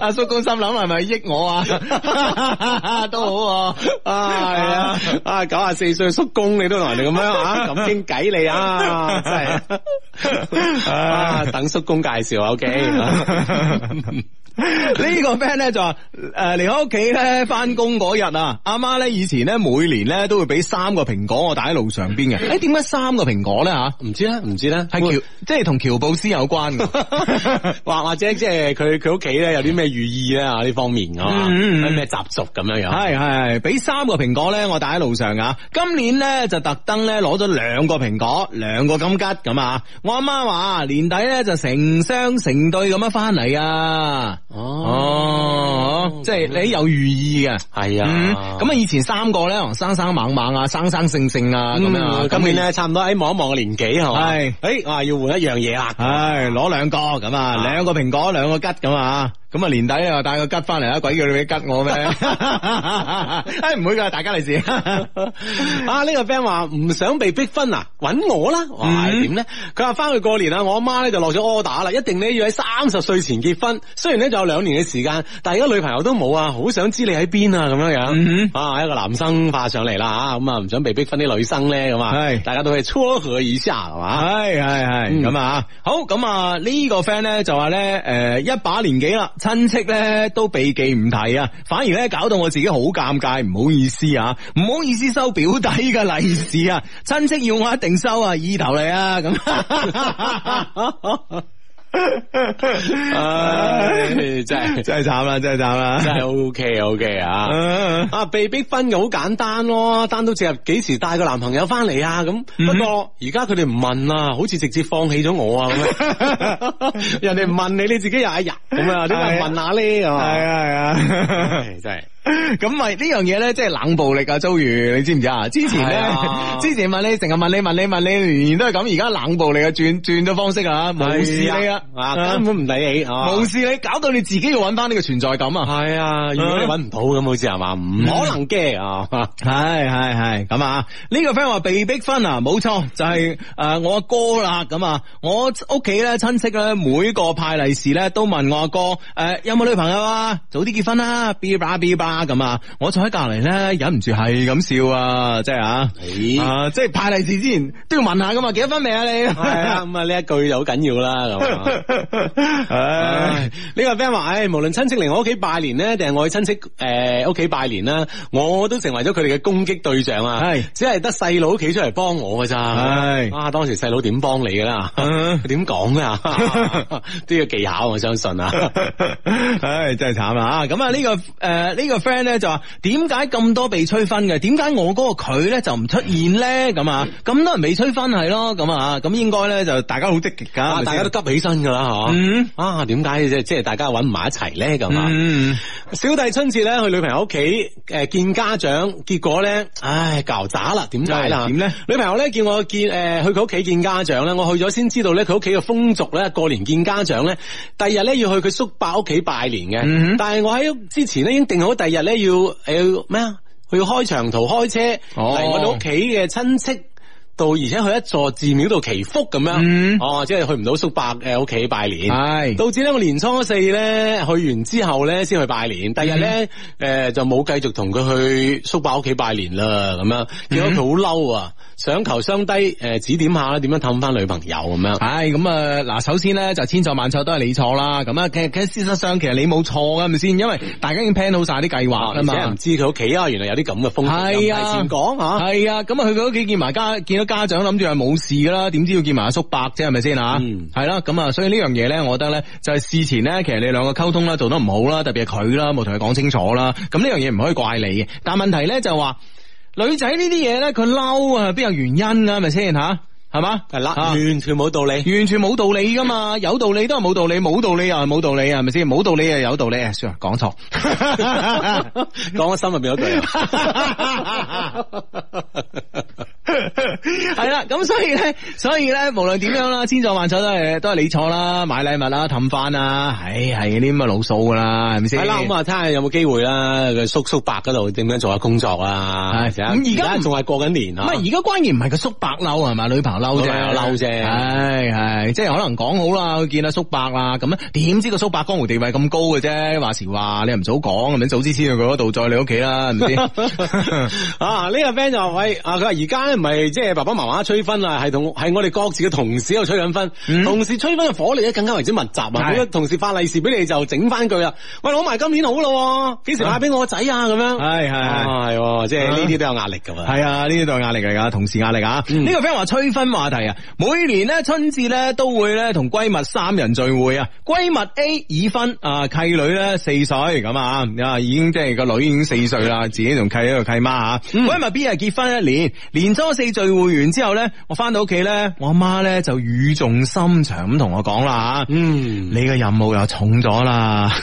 阿 叔公心諗係咪益我啊？ 都好啊，係啊，啊九十四歲叔公，你都同人哋咁樣啊，咁傾偈你啊，真係啊， 啊，等叔公介紹啊，O K。OK? 呢 個 friend 咧就話誒，嚟咗屋企咧，翻工嗰日啊，阿媽咧以前咧每年咧都會俾三個蘋果我帶喺路上邊嘅。誒、欸，點解三個蘋果咧吓？唔知咧，唔知咧，係喬即係同喬布斯有關嘅，或或者即係佢佢屋企咧有啲咩寓意啊？呢 方面啊，係咩習俗咁樣樣？係係係，俾三個蘋果咧，我帶喺路上啊。今年咧就特登咧攞咗兩個蘋果，兩個金桔咁啊。我阿媽話年底咧就成雙成對咁樣翻嚟啊。哦，哦，哦，即係你有寓意嘅。係、嗯、啊，咁啊以前三個咧，生生猛猛啊，生生性性啊咁啊，今年咧差唔多喺望一望嘅年紀係咪？誒、哎，哇要換一樣嘢啦。唉，攞兩個咁啊，兩個蘋果，兩個吉咁啊。咁啊年底啊帶個吉翻嚟啦。鬼叫你俾吉我咩？唔、 哎、會噶，大家利是。 啊呢、這個 friend 話唔想被逼婚啊，搵我啦。哇點咧？佢話翻去過年啊，我阿媽咧就落咗 order 啦，一定咧要喺三十歲前結婚。雖然咧就有兩年嘅時間，但係而家女朋友都冇啊，好想知你喺邊啊咁樣樣、嗯嗯。啊一個男生化上嚟啦，吓咁啊唔、啊、想被逼婚啲女生咧咁啊。係、啊，大家都係初何意思啊？係嘛？係係係咁啊。好，咁啊呢個 friend 咧就話咧誒一把年紀啦。親戚咧都避忌唔提啊，反而咧搞到我自己好尷尬，唔好意思啊，唔好意思收表弟嘅利是啊，親戚要我一定收啊，意頭嚟啊，咁。 唉、 哎，真係真係慘啦，真係慘啦，真係 O K O K 啊！啊，被逼婚又好簡單咯，單刀直入，幾時帶個男朋友翻嚟啊？咁不過而家佢哋唔問啦，好似直接放棄咗我啊！咁樣， 人哋唔問你，你自己又、哎、一日咁啊，都問下呢，咧，係啊係啊，啊啊 真係。咁咪呢樣嘢咧，即係冷暴力啊！周瑜，你知唔知啊？之前咧、啊，之前問你成日問你問你問你，年年都係咁。而家冷暴力轉轉啊，轉轉咗方式啊，無視你啊，根本唔理你啊，無視、啊、你，搞到你自己要搵翻呢個存在感啊！係啊，如果你搵唔到咁，好似係嘛，唔、嗯、可能嘅 啊！係係係咁啊！呢、這個 friend 話被逼婚啊，冇錯，就係誒我阿哥啦。咁、呃、啊，我屋企咧親戚咧每個派利是咧都問我阿哥誒、呃、有冇女朋友啊？早啲結婚啦 b 吧 b 吧。比吧比吧咁啊！我坐喺隔籬咧，忍唔住係咁笑啊！即係啊，欸、啊即係派利是之前都要問下噶嘛，幾多分未啊你？係啊！咁啊呢 一句就好緊要啦咁 啊！呢、呢個 friend 話唉，無論親戚嚟我屋企拜年咧，定係我去親戚誒屋企拜年啦，我都成為咗佢哋嘅攻擊對象啊！係只係得細佬企出嚟幫我噶咋？係啊！當時細佬點幫你噶啦？點講噶？都要技巧，我相信啊！ 唉，真係慘啊！咁啊呢個誒呢個。呃這個 friend 咧就話點解咁多被催婚嘅？點解我嗰個佢咧就唔出現咧？咁啊咁多人未催婚係咯。咁啊咁應該咧就大家好積極噶，大家都急起身噶啦吓？啊點解即係大家搵唔埋一齊咧咁啊？小弟春節咧去女朋友屋企誒見家長，結果咧唉搞砸啦！點解啦？點咧、就係？女朋友咧叫我見誒去佢屋企見家長咧，我去咗先知道咧佢屋企嘅風俗咧過年見家長咧，第二日咧要去佢叔伯屋企拜年嘅、嗯。但係我喺之前咧已經定好第。日咧要要咩啊？去開長途開車係、哦、我哋屋企嘅親戚。到而且去一座寺廟度祈福咁樣，哦、嗯啊，即係去唔到叔伯誒屋企拜年，導致咧我年初四咧去完之後咧先去拜年，第日咧誒、嗯呃、就冇繼續同佢去叔伯屋企拜年啦咁樣，結果佢好嬲啊，想求相低誒、呃、指點下啦，點樣氹翻女朋友咁樣。係咁啊，嗱、嗯，首先咧就千錯萬錯都係你錯啦，咁啊，其實其實事實上其實你冇錯啊，係咪先？因為大家已經 plan 好晒啲計劃啦嘛，而且唔知佢屋企啊，原來有啲咁嘅風氣啊，提前講吓，係啊，咁啊去佢屋企見埋家見家。見家長諗住係冇事噶啦，點知要見埋阿叔伯啫，係咪先吓？係啦，咁啊，所以呢樣嘢咧，我覺得咧，就係事前咧，其實你兩個溝通啦，做得唔好啦，特別係佢啦，冇同佢講清楚啦。咁呢樣嘢唔可以怪你，但問題咧就話女仔呢啲嘢咧，佢嬲啊，邊有原因啊？係咪先吓？係嘛？係啦，完全冇道理，完全冇道理噶嘛？有道理都係冇道理，冇道理又係冇道理，係咪先？冇道理又有道理啊？算，講錯，講咗心入邊一句。 係 啦，咁所以咧，所以咧，無論點樣啦，千錯萬錯都係都係你錯啦，買禮物啦，氹翻啊，唉，係啲咁嘅老數噶啦，係咪先？係啦，咁啊，睇下有冇機會啦，個叔叔伯嗰度點樣做下工作啊？咁而家仲係過緊年啊？唔係，而家關鍵唔係個叔伯嬲係嘛，女朋友嬲啫，嬲啫。唉，係，即係可能講好啦，見阿叔伯啦，咁咧，點知個叔伯江湖地位咁高嘅、啊、啫？話時話你又唔早講，咁早知先去佢嗰度，再你屋企啦，唔知 啊？這個、呢個 friend 就話喂，佢話而家咧。咪即係爸爸媽媽催婚啊，係，同係我哋各自嘅同事喺度催緊婚、嗯，同事催婚嘅火力咧更加為之密集啊！同事發利是俾你就整翻句啦，喂，攞埋今年好咯，幾時派俾我個仔、嗯哎哎哎哎哎哎哎哎、啊？咁樣，係係係，即係呢啲都有壓力噶，係啊，呢啲都有壓力嚟噶，同事壓力啊！呢、嗯，這個 friend 話催婚話題啊，每年呢，春節咧都會咧同閨蜜三人聚會啊，閨蜜 A 已婚啊、呃，契女咧四歲咁啊，啊已經即係個女已經四歲啦， 自己同契喺度契媽啊，閨、嗯、蜜 B 啊結婚一年，年初。四聚會完之後咧，我翻到屋企咧，我阿媽咧就語重心長咁同我講啦，嗯，你嘅任務又重咗啦，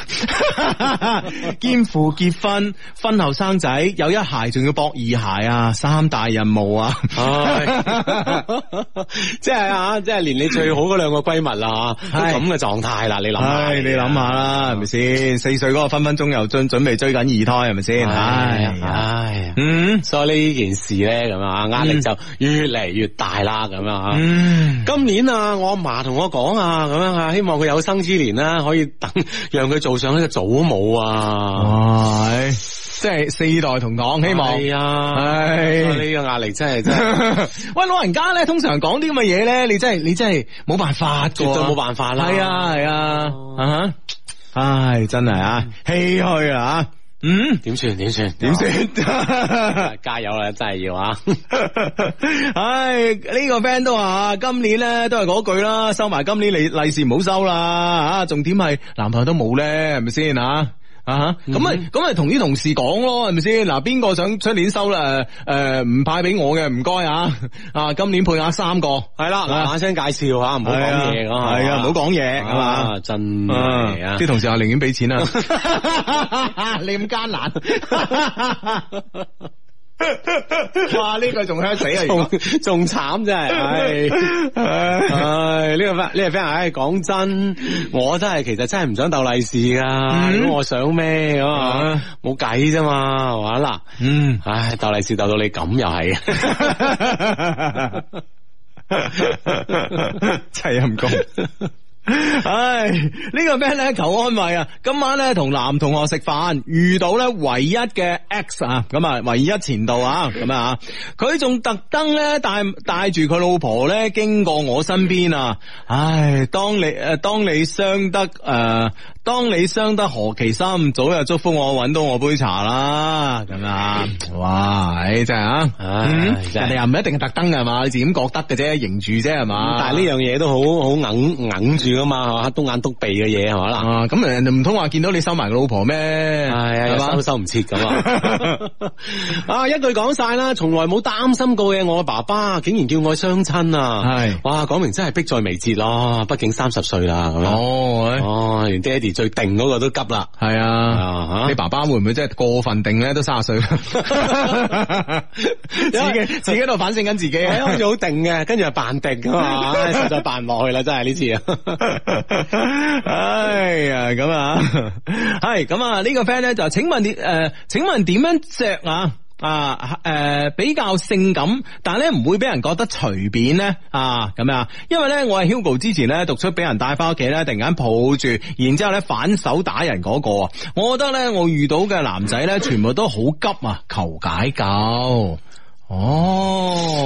肩負結婚、婚後生仔、有一孩仲要博二孩啊，三大任務啊，即、哎、係 啊，即、就、係、是、連你最好嗰兩個閨蜜啊，咁嘅狀態啦，你諗，唉、哎，你諗下啦，係咪先？四歲嗰個分分鐘又準準備追緊二胎，係咪先？唉、哎、唉、哎哎，嗯，所以呢件事咧，咁啊，壓力。就越嚟越大啦，咁、嗯、啊！今年啊，我阿嫲同我講啊，咁樣啊，希望佢有生之年啦、啊，可以等讓佢做上一個祖母啊！哎、即係四代同堂，希望係啊！唉、哎，呢、啊、個壓力真係，喂 老人家咧，通常講啲咁嘅嘢咧，你真係你真係冇辦法、啊，絕對冇辦法啦！係啊，係啊，唉真係啊，唏噓啊！哎嗯，點算？點算？點算、啊？加油啦！真係要啊！ 唉，呢、呢個 friend 都話今年咧都係嗰句啦，收埋今年利利是，唔好收啦，吓，重點係男朋友都冇咧，係咪先啊？咁咪咁咪同啲同事講咯，係咪先？嗱，邊個想出年收啦誒，唔、呃、派俾我嘅，唔該啊！啊，今年配額三個，係啦，嗱聲介紹吓，唔好講嘢噶，係啊，唔好講嘢，係嘛、啊啊，真係啲、啊、同事寧願俾錢啊，寧願俾錢啦，你咁艱難。 哇！呢個仲香死啊，仲仲慘，真係，唉唉，呢個 friend 呢個 friend，唉，講真，我真係其實真係唔想斗利是噶咁我想咩咁啊？冇計啫嘛，係嘛嗱，嗯，唉，斗利是斗到你咁又係啊，凄陰功。唉，呢個咩咧？求安慰啊！今晚咧同男同學食飯，遇到咧唯一嘅 X 啊，咁啊，唯一前度啊，咁啊，佢仲特登咧帶帶住佢老婆咧經過我身邊啊！唉，當你誒，當你傷得誒。呃當你傷得何其深，早日祝福我揾到我杯茶啦！咁啊，哇！你唉，嗯、真係啊，人哋又唔一定係特登噶嘛，你自己覺得嘅啫，迎住啫係、嗯嗯、嘛。但係呢樣嘢都好好揞住噶嘛，督眼督鼻嘅嘢係嘛啦。咁人哋唔通話見到你收埋個老婆咩？係啊，有收收唔切咁啊！啊，一句講晒啦，從來冇擔心過嘅我爸爸，竟然叫我相親啊！哇，講、啊、明真係迫在眉睫咯。畢竟三十歲啦，咁樣哦哦，連爹哋。啊最定嗰個都急啦、啊，係啊，你爸爸會唔會真係過分定咧？都卅歲，自己自己喺度反省緊自己，好似好定嘅，跟住又扮定噶嘛、 啊，實在扮唔落去啦，真係呢 這次。 哎呀，咁啊，係 咁、哎、啊，呢個 friend 咧就請問點誒？請問點、呃、樣着啊？啊，誒、呃，比較性感，但係咧唔會俾人覺得隨便咧，啊，咁樣，因為咧我係 Hugo 之前咧讀出俾人帶翻屋企咧，突然間抱住，然之後咧反手打人嗰、那個啊，我覺得咧我遇到嘅男仔咧，全部都好急啊，求解救，哦，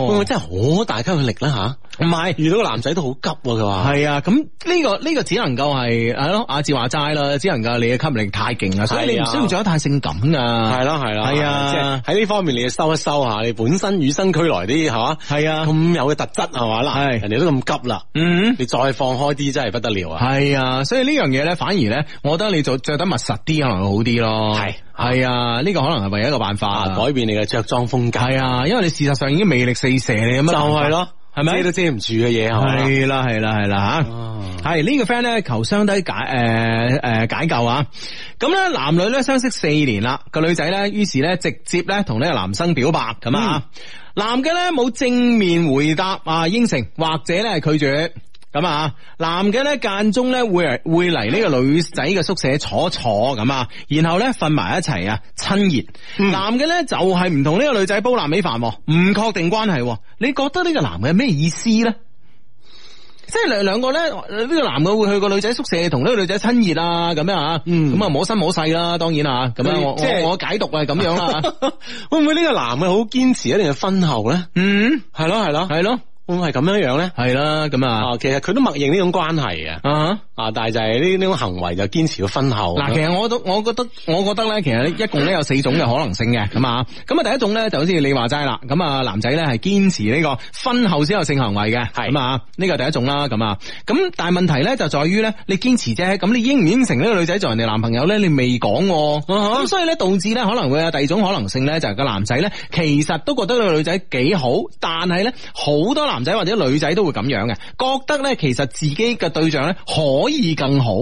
會唔會真係好大嘅力啦吓。唔係，遇到個男仔都好急，佢話係啊。咁呢、啊這個呢、這個只能夠係係咯，阿志話齋啦，只能夠你嘅吸引力太勁啦，所以你唔需要着得太性感啊。係啦係啦，係啊，喺呢、啊就是、方面你要收一收下，你本身與生俱來啲係嘛，係啊，咁有嘅特質係嘛嗱，人哋都咁急啦，嗯，嗯，你再放開啲真係不得了啊。係啊，所以呢樣嘢咧，反而咧，我覺得你就着得密實啲可能好啲咯。係係啊，呢、啊這個可能係唯一一個辦法，啊、改變你嘅着裝風格。係啊，因為你事實上已經魅力四射你咁、啊、就係、是、咯、啊。係咪遮都遮唔住嘅嘢係嘛，係啦係啦係啦吓，係呢、啊呢個 friend 咧求相低解誒誒、呃、解救啊！咁咧男女咧相識四年啦，個女仔咧於是咧直接咧同呢個男生表白咁啊、嗯，男嘅咧冇正面回答啊，答應承或者咧拒絕。咁啊，男嘅咧間中咧會嚟會嚟呢個女仔嘅宿舍坐坐咁啊，然後咧瞓埋一齊啊，親熱、嗯。男嘅咧就係唔同呢個女仔煲臘味飯，唔確定關係。你覺得呢個男嘅係咩意思咧？即係兩兩個咧，呢、這個男嘅會去個女仔宿舍同呢個女仔親熱啊，咁、嗯、樣啊，咁啊摸身摸勢啦，當然啊，咁樣我即係、就是、我，我解讀啊咁 樣咯。會唔會呢個男嘅好堅持，一定係婚後咧？嗯，係咯係咯係咯。會係咁樣呢、啊、樣咧、啊？係啦，咁啊，其實佢都默認呢種關係嘅啊。Uh -huh. 啊！但係就係呢，呢種行為就堅持到婚後嗱，其實我都我覺得，我覺得咧，其實一共咧有四種嘅可能性嘅，咁啊，咁啊，第一種咧就好似你話齋啦，咁啊，男仔咧係堅持呢個婚後先有性行為嘅，係，咁啊，呢個第一種啦，咁啊，咁但係問題咧就在於咧，你堅持啫，咁你應唔應承呢個女仔做人哋男朋友咧？你未講啊，咁，uh-huh. 所以咧導致咧可能會有第二種可能性咧，就係個男仔咧其實都覺得個女仔幾好，但係咧好多男仔或者女仔都會咁樣嘅，覺得咧其實自己嘅對象咧可。可以更好。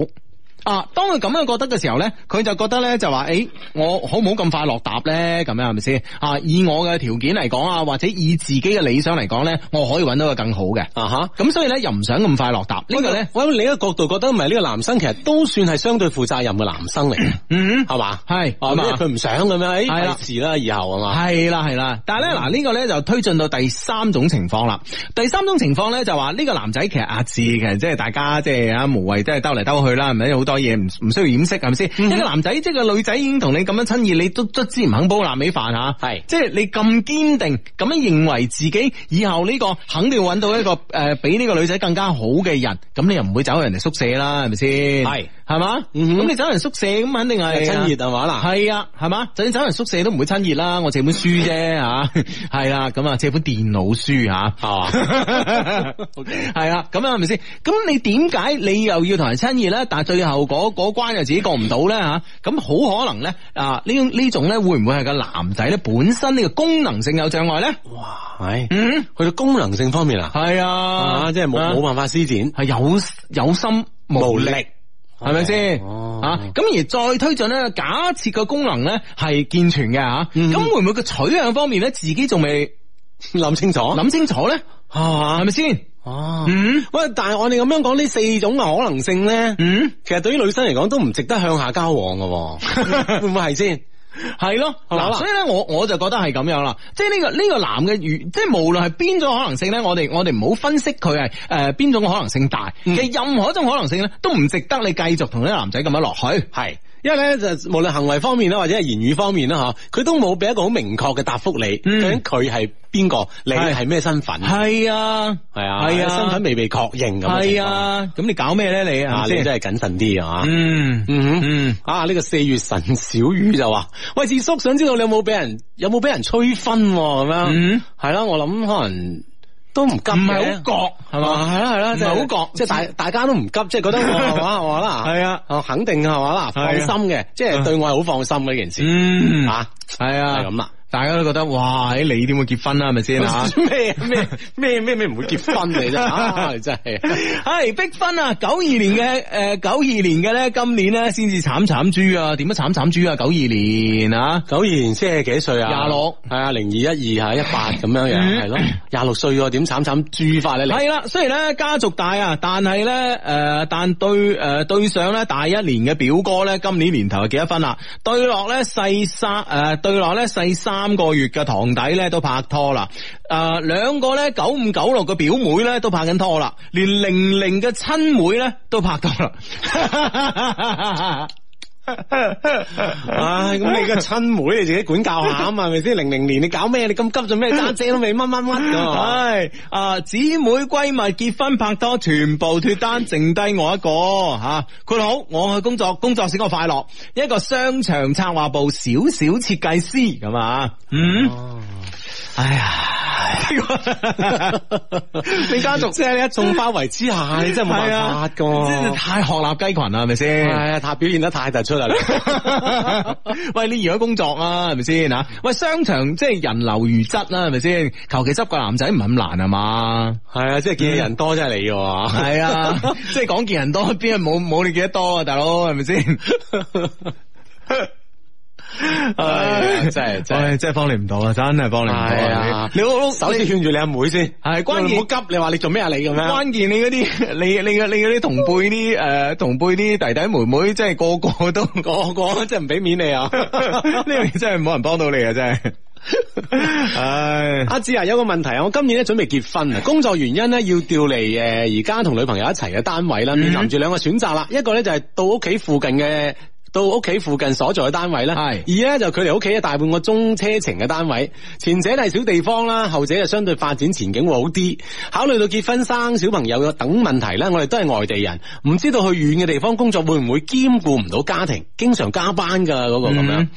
啊，當佢咁樣覺得嘅時候咧，佢就覺得咧就話誒、欸，我好唔好咁快落答咧？咁樣係咪先？啊，以我嘅條件嚟講啊，或者以自己嘅理想嚟講咧，我可以揾到個更好嘅啊吓。咁所以咧又唔想咁快落答。啊，這個、呢個咧，我喺你嘅角度覺得唔係呢個男生，其實都算係相對負責任嘅男生嚟。嗯哼，係嘛？係，咁啊，佢唔想咁樣。係啦，遲啦，以後啊嘛。係啦，係啦。但係咧嗱，嗯、個呢個咧就推進到第三種情況啦。第三種情況咧就話呢個男仔其實阿志，其實即係大家即係啊無謂，即係兜嚟兜去啦，係咪？好多。嘢唔唔需要掩飾係咪先？一個男仔即係個女仔已經同你咁樣親熱，你都卒之唔肯煲臘味飯吓，係即係你咁堅定咁樣認為自己以後呢、這個肯定搵到一個誒、呃、比呢個女仔更加好嘅人，咁你又唔會走去人哋宿舍啦，係咪先？係係嘛，咁、嗯、你走人宿舍咁肯定係親熱係嘛嗱？係啊係嘛，就算走人宿舍都唔會親熱啦，我借本書啫吓，係啦咁啊借本電腦書吓，係啊咁樣係咪先？咁、 啊、你點解你又要同人親熱咧？但係最後。嗰、那、嗰、個、關又自己過唔到咧吓，咁好可能咧啊，呢種呢呢種咧會唔會係個男仔咧本身呢個功能性有障礙咧？哇、係、哎、嗯，佢嘅功能性方面啊，係啊，即係冇冇辦法施展，係有有心無力，係咪先？咁、哦啊、而再推進呢，假設個功能咧係健全嘅吓，咁、嗯、會唔會個取向方面咧自己仲未諗清楚？諗清楚咧，係咪先？哦、啊，嗯，喂，但係我哋咁樣講呢四種嘅可能性咧，嗯，其實對於女生嚟講都唔值得向下交往噶，會唔會係先？係咯，嗱，所以咧，我我就覺得係咁樣啦，即係呢、這個呢、這個男嘅，即係無論係邊種可能性咧，我哋我哋唔好分析佢係誒邊種可能性大，嗯、其實任何一種可能性咧都唔值得你繼續同呢個男仔咁樣落去，係。因為咧就無論行為方面啦，或者係言語方面啦，吓佢都冇俾一個好明確嘅答覆你、嗯，究竟佢係邊個，你係咩身份？係啊，係啊，係啊，身份未被確認咁。係啊，咁你搞咩咧你、嗯嗯嗯？啊，你真係謹慎啲啊！嗯嗯嗯，啊呢個四月神小雨就話：，喂，智叔想知道你有冇俾人有冇俾人催婚咁樣？係啦、嗯啊，我諗可能。都唔急，係係好覺，係嘛？係啦係啦，唔係好覺，即係、啊就是、大、啊、大家都唔急，即係、啊就是、覺得係嘛啦？係啊，哦肯定係嘛啦，放心嘅，即係、啊就是、對我係好放心嘅呢件事。啊、嗯，嚇係啊，係咁啦。就是大家都覺得哇，你點會結婚啊？係咪先啦？咩咩咩咩咩唔會結婚嚟啫、 啊，真係係逼婚啊！九二年嘅誒，九、呃、二年嘅咧，今年咧先至慘慘豬啊！點樣慘慘豬啊？九二年啊，九二年先係幾歲啊？廿六係啊，零二一二啊，一八咁樣樣係咯，廿六歲個點慘慘豬法你嚟？係啦，雖然咧家族大啊，但係咧誒，但對誒、呃、對上咧大一年嘅表哥咧，今年年頭係幾多分啊？對落咧細沙誒，對落咧細沙。細細細三個月嘅堂弟咧都拍拖啦，誒，兩個咧九五九六嘅表妹咧都拍緊拖啦，連零零嘅親妹咧都拍拖啦。 唉、 哎，咁你嘅親妹你自己管教下啊嘛，係咪先？零零年你搞咩？你咁急做咩？家姐都未乜乜乜個？唉、 哎，啊，姊妹閨蜜結婚拍拖，全部脫單，剩低我一個吓。佢、啊、好，我去工作，工作使我快樂，一個商場策劃部小小設計師咁啊。嗯。啊。哎呀！ 你家族即係一眾包圍之下，你真係冇辦法噶。太鶴立雞群啦，係咪先？係啊，太表現得太突出啦。 喂，你而家工作啊，係咪先啊？喂，商場即係人流如織啦，係咪先？求其執個男仔唔係咁難啊嘛？係啊，即係見人多真係你嘅。係啊，即係講見人多，邊係冇冇你見得多啊？大佬係咪先？是 係真係真係，真係幫你唔到啊！真係幫你唔到啊！你好，首先勸住你阿妹先。係、哎、關鍵，好急。你話你做咩啊？你咁樣關鍵，你嗰啲你你你嗰啲同輩啲誒，同輩啲弟弟妹妹，真係個個都個個真唔俾面 你，人你、 哎、啊！呢樣嘢真係冇人幫到你啊！真係。唉，阿志有個問題啊，我今年咧準備結婚啊，工作原因咧要調嚟誒，而家同女朋友一齊嘅單位啦，面臨住兩個選擇啦、嗯，一個咧就係到屋企附近嘅。到屋企附近所在嘅單位咧，係而咧就距離屋企大半個鐘車程嘅單位，前者係小地方啦，後者就相對發展前景會好啲。考慮到結婚生小朋友嘅等問題咧，我哋都係外地人，唔知道去遠嘅地方工作會唔會兼顧唔到家庭，經常加班噶嗰個咁樣。嗯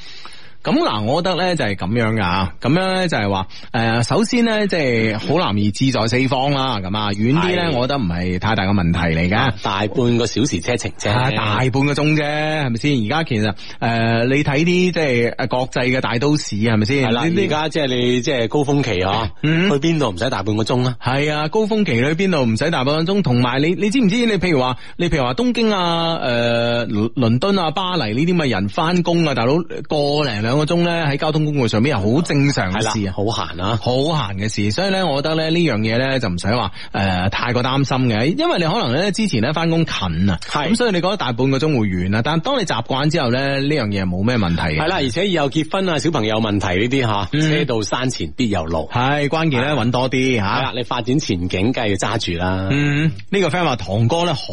咁嗱，我覺得咧就係、是、咁樣噶、啊，咁樣咧就係、是、話，誒、呃，首先咧即係好難以志在四方啦，咁啊，遠啲咧，我覺得唔係太大嘅問題嚟噶、啊，大半個小時車程啫、啊，大半個鐘啫，係咪先？而家其實誒、呃，你睇啲即係誒國際嘅大都市，係咪先？係啦，而家即係你即係、就是、高峰期啊，嗯、去邊度唔使大半個鐘啊？係啊，高峰期去邊度唔使大半個鐘？同埋你你知唔知你？你譬如話，你譬如話東京啊，誒、呃，倫敦啊，巴黎呢啲嘅人翻工啊，大佬個零兩。個鐘咧喺交通工具上邊係好正常嘅事，好閒啊，好閒嘅事，所以咧，我覺得咧呢樣嘢咧就唔使話誒太過擔心嘅，因為你可能咧之前咧翻工近啊，咁所以你覺得大半個鐘會遠啊，但係當你習慣之後咧呢樣嘢冇咩問題，係啦，而且以後結婚啊，小朋友問題呢啲吓，車到山前必有路，係、嗯、關鍵咧揾多啲吓，你發展前景梗係要揸住啦。嗯，呢、這個 friend 話堂哥咧好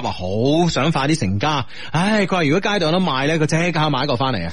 急啊，好想快啲成家，唉，佢話如果街道有得賣咧，佢即刻買一個翻嚟啊。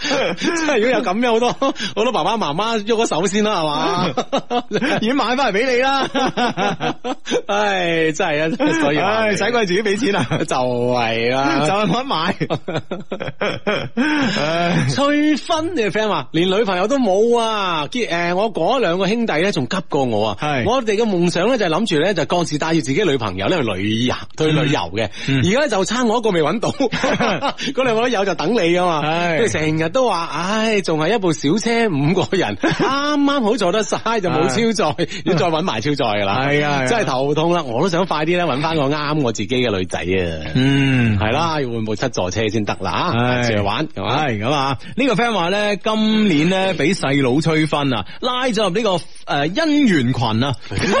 真 係如果有咁，有好多好多爸爸媽媽喐一手先啦，係嘛？ 已經買翻嚟俾你啦！ 唉，真係啊，所以唉，使鬼自己俾錢啊，就係、是、啊！ 就係冇得買。唉，催婚嘅 friend 話，連女朋友都冇啊！結誒，我嗰兩個兄弟咧，仲急過我啊！我哋嘅夢想咧，就諗住咧，就各自帶住自己女朋友咧去、嗯、旅遊，去旅遊嘅。而家就差我一個未揾到，嗰 兩個有就等你噶嘛，即係成日。都話，唉、哎，仲係一部小車五個人，啱啱好坐得晒，就冇超載，哎、要再揾埋超載噶啦，係啊，真係頭痛啦，我都想快啲咧揾翻個啱我自己嘅女仔啊，嗯，係啦，要、嗯、換部七座車先得啦，唉，成日玩，係、哎、咁啊？呢、這個 friend 話咧，今年咧俾細佬催婚啊，拉咗入呢、這個誒、呃、姻緣群啊，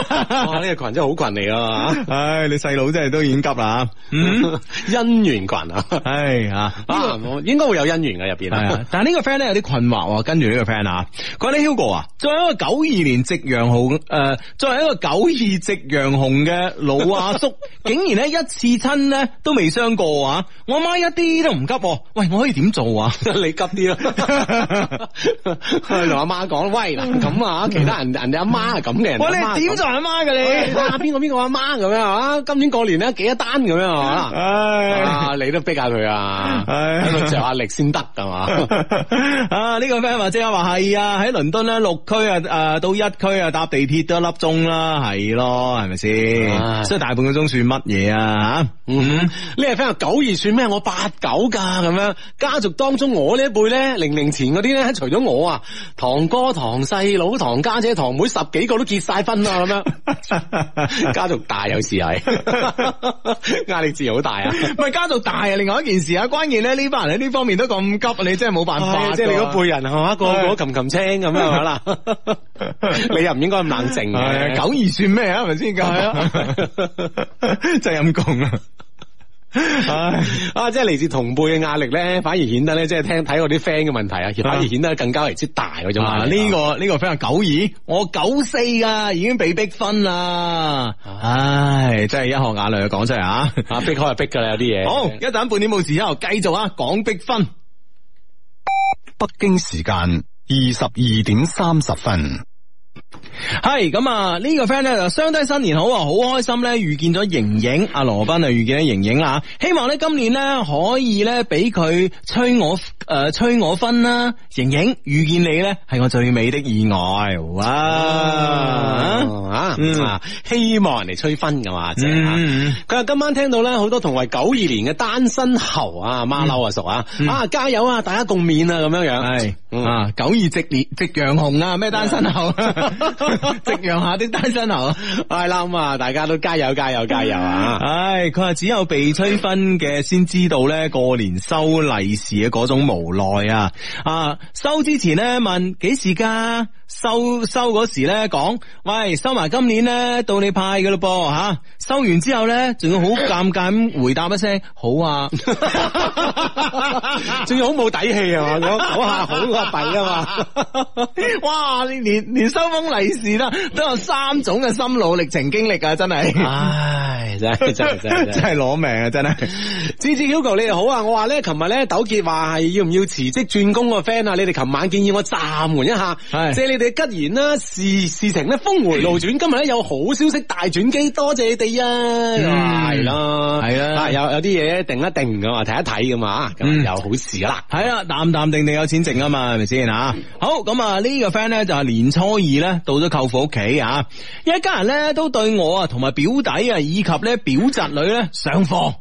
哎、哇，呢、這個群真係好群嚟啊，唉、哎，你細佬真係都已經急啦、嗯，嗯，姻緣群、哎這個、啊，唉啊，我應該會有姻緣噶入邊。但係呢個 friend 咧有啲困惑，跟住呢個 friend 啊，佢話你 Hugo 啊，作為一個九二年夕陽紅誒、呃，作為一個九二夕陽紅嘅老阿叔，竟然咧一次親咧都未相過啊！我阿媽一啲都唔急，喂，我可以點做啊？ 你急啲咯，同阿媽講， 喂，嗱咁啊，其他人人哋阿媽係咁嘅，喂你點做阿媽嘅你？邊個邊個阿媽咁樣啊？今年過年咧幾多單咁樣係嘛？你都逼下佢啊，喺、哎、度借壓力先得係嘛？ 哎 啊！呢、這個 friend 話即係話係啊，喺倫敦咧六區啊，誒、呃、到一區啊、呃，搭地鐵都一粒鐘啦，係咯、啊，係咪先？所以大半個鐘算乜嘢啊？嗯嗯，呢個 friend 話九二算咩？我八九噶咁樣，家族當中我一輩呢一輩咧，零零前嗰啲咧，除咗我啊，堂哥、堂細佬、堂家姐、堂妹十幾個都結晒婚啦、啊，咁樣， 家族大有時係壓力自然好大啊。 唔係家族大啊，另外一件事啊，關鍵咧呢班人喺呢方面都咁急，你真係。冇辦法，哎、即係你嗰輩人係嘛，個、啊、個、啊、擒擒青咁樣啦， 你又唔應該咁冷靜嘅，九二算咩啊？係咪先噶？真係陰功啊！啊，即係嚟自同輩嘅壓力咧，反而顯得咧，即係聽睇我啲 friend 嘅問題啊，反而顯得更加為之大種。呢個呢個 friend 九二，我九四啊，已經被逼婚啦！唉，真係一殼眼淚講出嚟啊！逼 開就逼噶啦，有啲嘢。好，一等半年冇事之後，繼續啊，講逼婚。北京時間二十二點三十分。係咁啊！呢、這個 friend 咧就相低新年好啊，好開心咧遇見咗瑩瑩，阿羅賓啊遇見咗瑩瑩啊。希望咧今年咧可以咧俾佢催我誒催我婚啦，瑩瑩遇見你咧係我最美的意外哇、嗯、啊！希望人哋催婚噶嘛，謝佢話今晚聽到咧好多同為九二年嘅單身猴、嗯猴嗯、啊，馬騮啊熟啊，啊加油啊，大家共勉啊咁樣樣係、嗯、啊，九二直烈夕陽紅啊，咩單身猴？嗯 夕 陽下啲單身啊，係啦咁啊，大家都加油加油加油啊！唉、哎，佢話只有被催婚嘅先知道咧，過年收利是嘅嗰種無奈啊！啊，收之前咧問幾時噶、啊，收收嗰時咧講，喂，收埋今年咧到你派噶咯噃吓，收完之後咧仲要好尷尬咁回答一聲好啊，仲 要氣、啊、好冇底氣啊，我講下好個弊啊嘛， 哇，你連收封利！啦，都有三種嘅心路歷程經歷啊，真係，唉，真係真係真係 真係攞命啊，真係。子子要求你哋好啊，我話咧，琴日咧糾結話係要唔要辭職轉工個 friend 啊，你哋琴晚建議我暫緩一下，即借你哋吉言啦，啊，事事情呢峰回路轉， 今日咧有好消息大轉機，多謝你哋啊，係、嗯、咯，係、嗯、啦，啦有有啲嘢定一定噶嘛，睇一睇噶嘛，咁有好事、嗯、啦，係啊！淡淡定定有錢剩啊嘛，係咪先啊？好，咁啊呢個 friend 咧就係年初二咧到咗。舅父屋企啊，一家人咧都對我啊，同埋表弟啊，以及咧表侄女咧上課。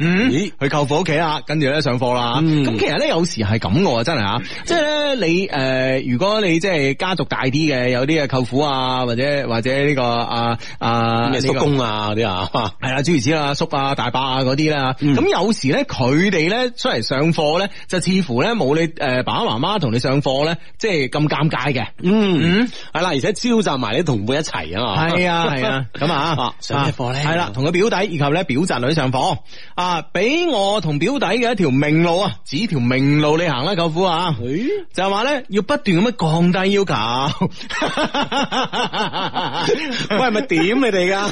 嗯咦，去舅父屋企啦，跟住咧上課啦。咁、嗯、其實咧有時係咁噶，真係吓、嗯，即係咧你誒、呃，如果你即係家族大啲嘅，有啲嘅舅父啊，或者或者呢、這個啊啊叔公啊嗰啲啊，係啊，諸如此啦，叔，叔啊、大伯啊嗰啲啦。咁、嗯、有時咧佢哋咧出嚟上課咧，就似乎咧冇你誒爸爸媽媽同你上課咧，即係咁尷尬嘅。嗯，係、嗯、啦，而且召集埋你同輩一齊啊嘛。係啊，係啊，咁啊，啊，啊，上咩課咧？係啦，同個表弟以及咧表侄女上課。啊。啊！俾我同表弟嘅一條明路啊，指條明路你行啦，舅父啊，欸、就係話咧，要不斷咁樣降低要求。 喂，係咪點你哋噶？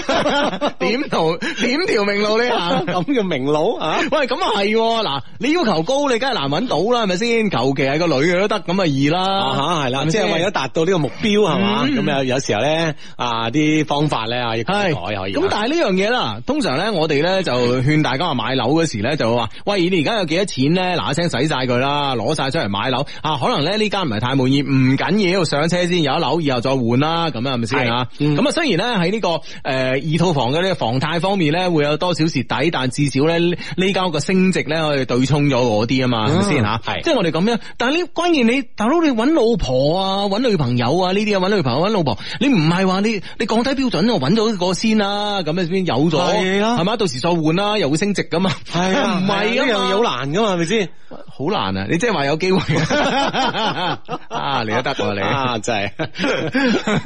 點條點條明路你行咁嘅 明路啊？喂，咁啊係嗱，你要求高，你梗係難揾到啦，係咪先？求其係個女嘅都得，咁啊易啦吓，係啦，即係、就是、為咗達到呢個目標係嘛，咁、嗯、有有時候咧啊，啲方法咧啊，亦可以可以。咁但係呢樣嘢啦，通常咧我哋咧就勸大家買樓嗰時咧就話喂，你而家有幾多錢咧？嗱，一聲使晒佢啦，攞晒出嚟買樓啊！可能咧呢間唔係太滿意，唔緊要，上車先有一樓，以後再換啦，咁啊係咪先吓？咁啊、嗯、雖然咧喺呢個誒、呃、二套房嘅呢個房貸方面咧會有多少蝕底，但至少咧呢間屋嘅升值咧可以對沖咗嗰啲啊嘛，係咪先吓？即係我哋咁樣，但係你，關鍵你大佬你搵老婆啊，搵女朋友啊呢啲，搵女朋友搵老婆，你唔係話你你降低標準我搵啊，搵到個先啦，咁先有咗係嘛？到時再換啦，又會升值。咁啊，係啊，唔係呢樣嘢好難噶嘛，係咪先？好難啊！你即係話有機會啊， 啊，啊，啊？啊，你都得喎，你啊，真係，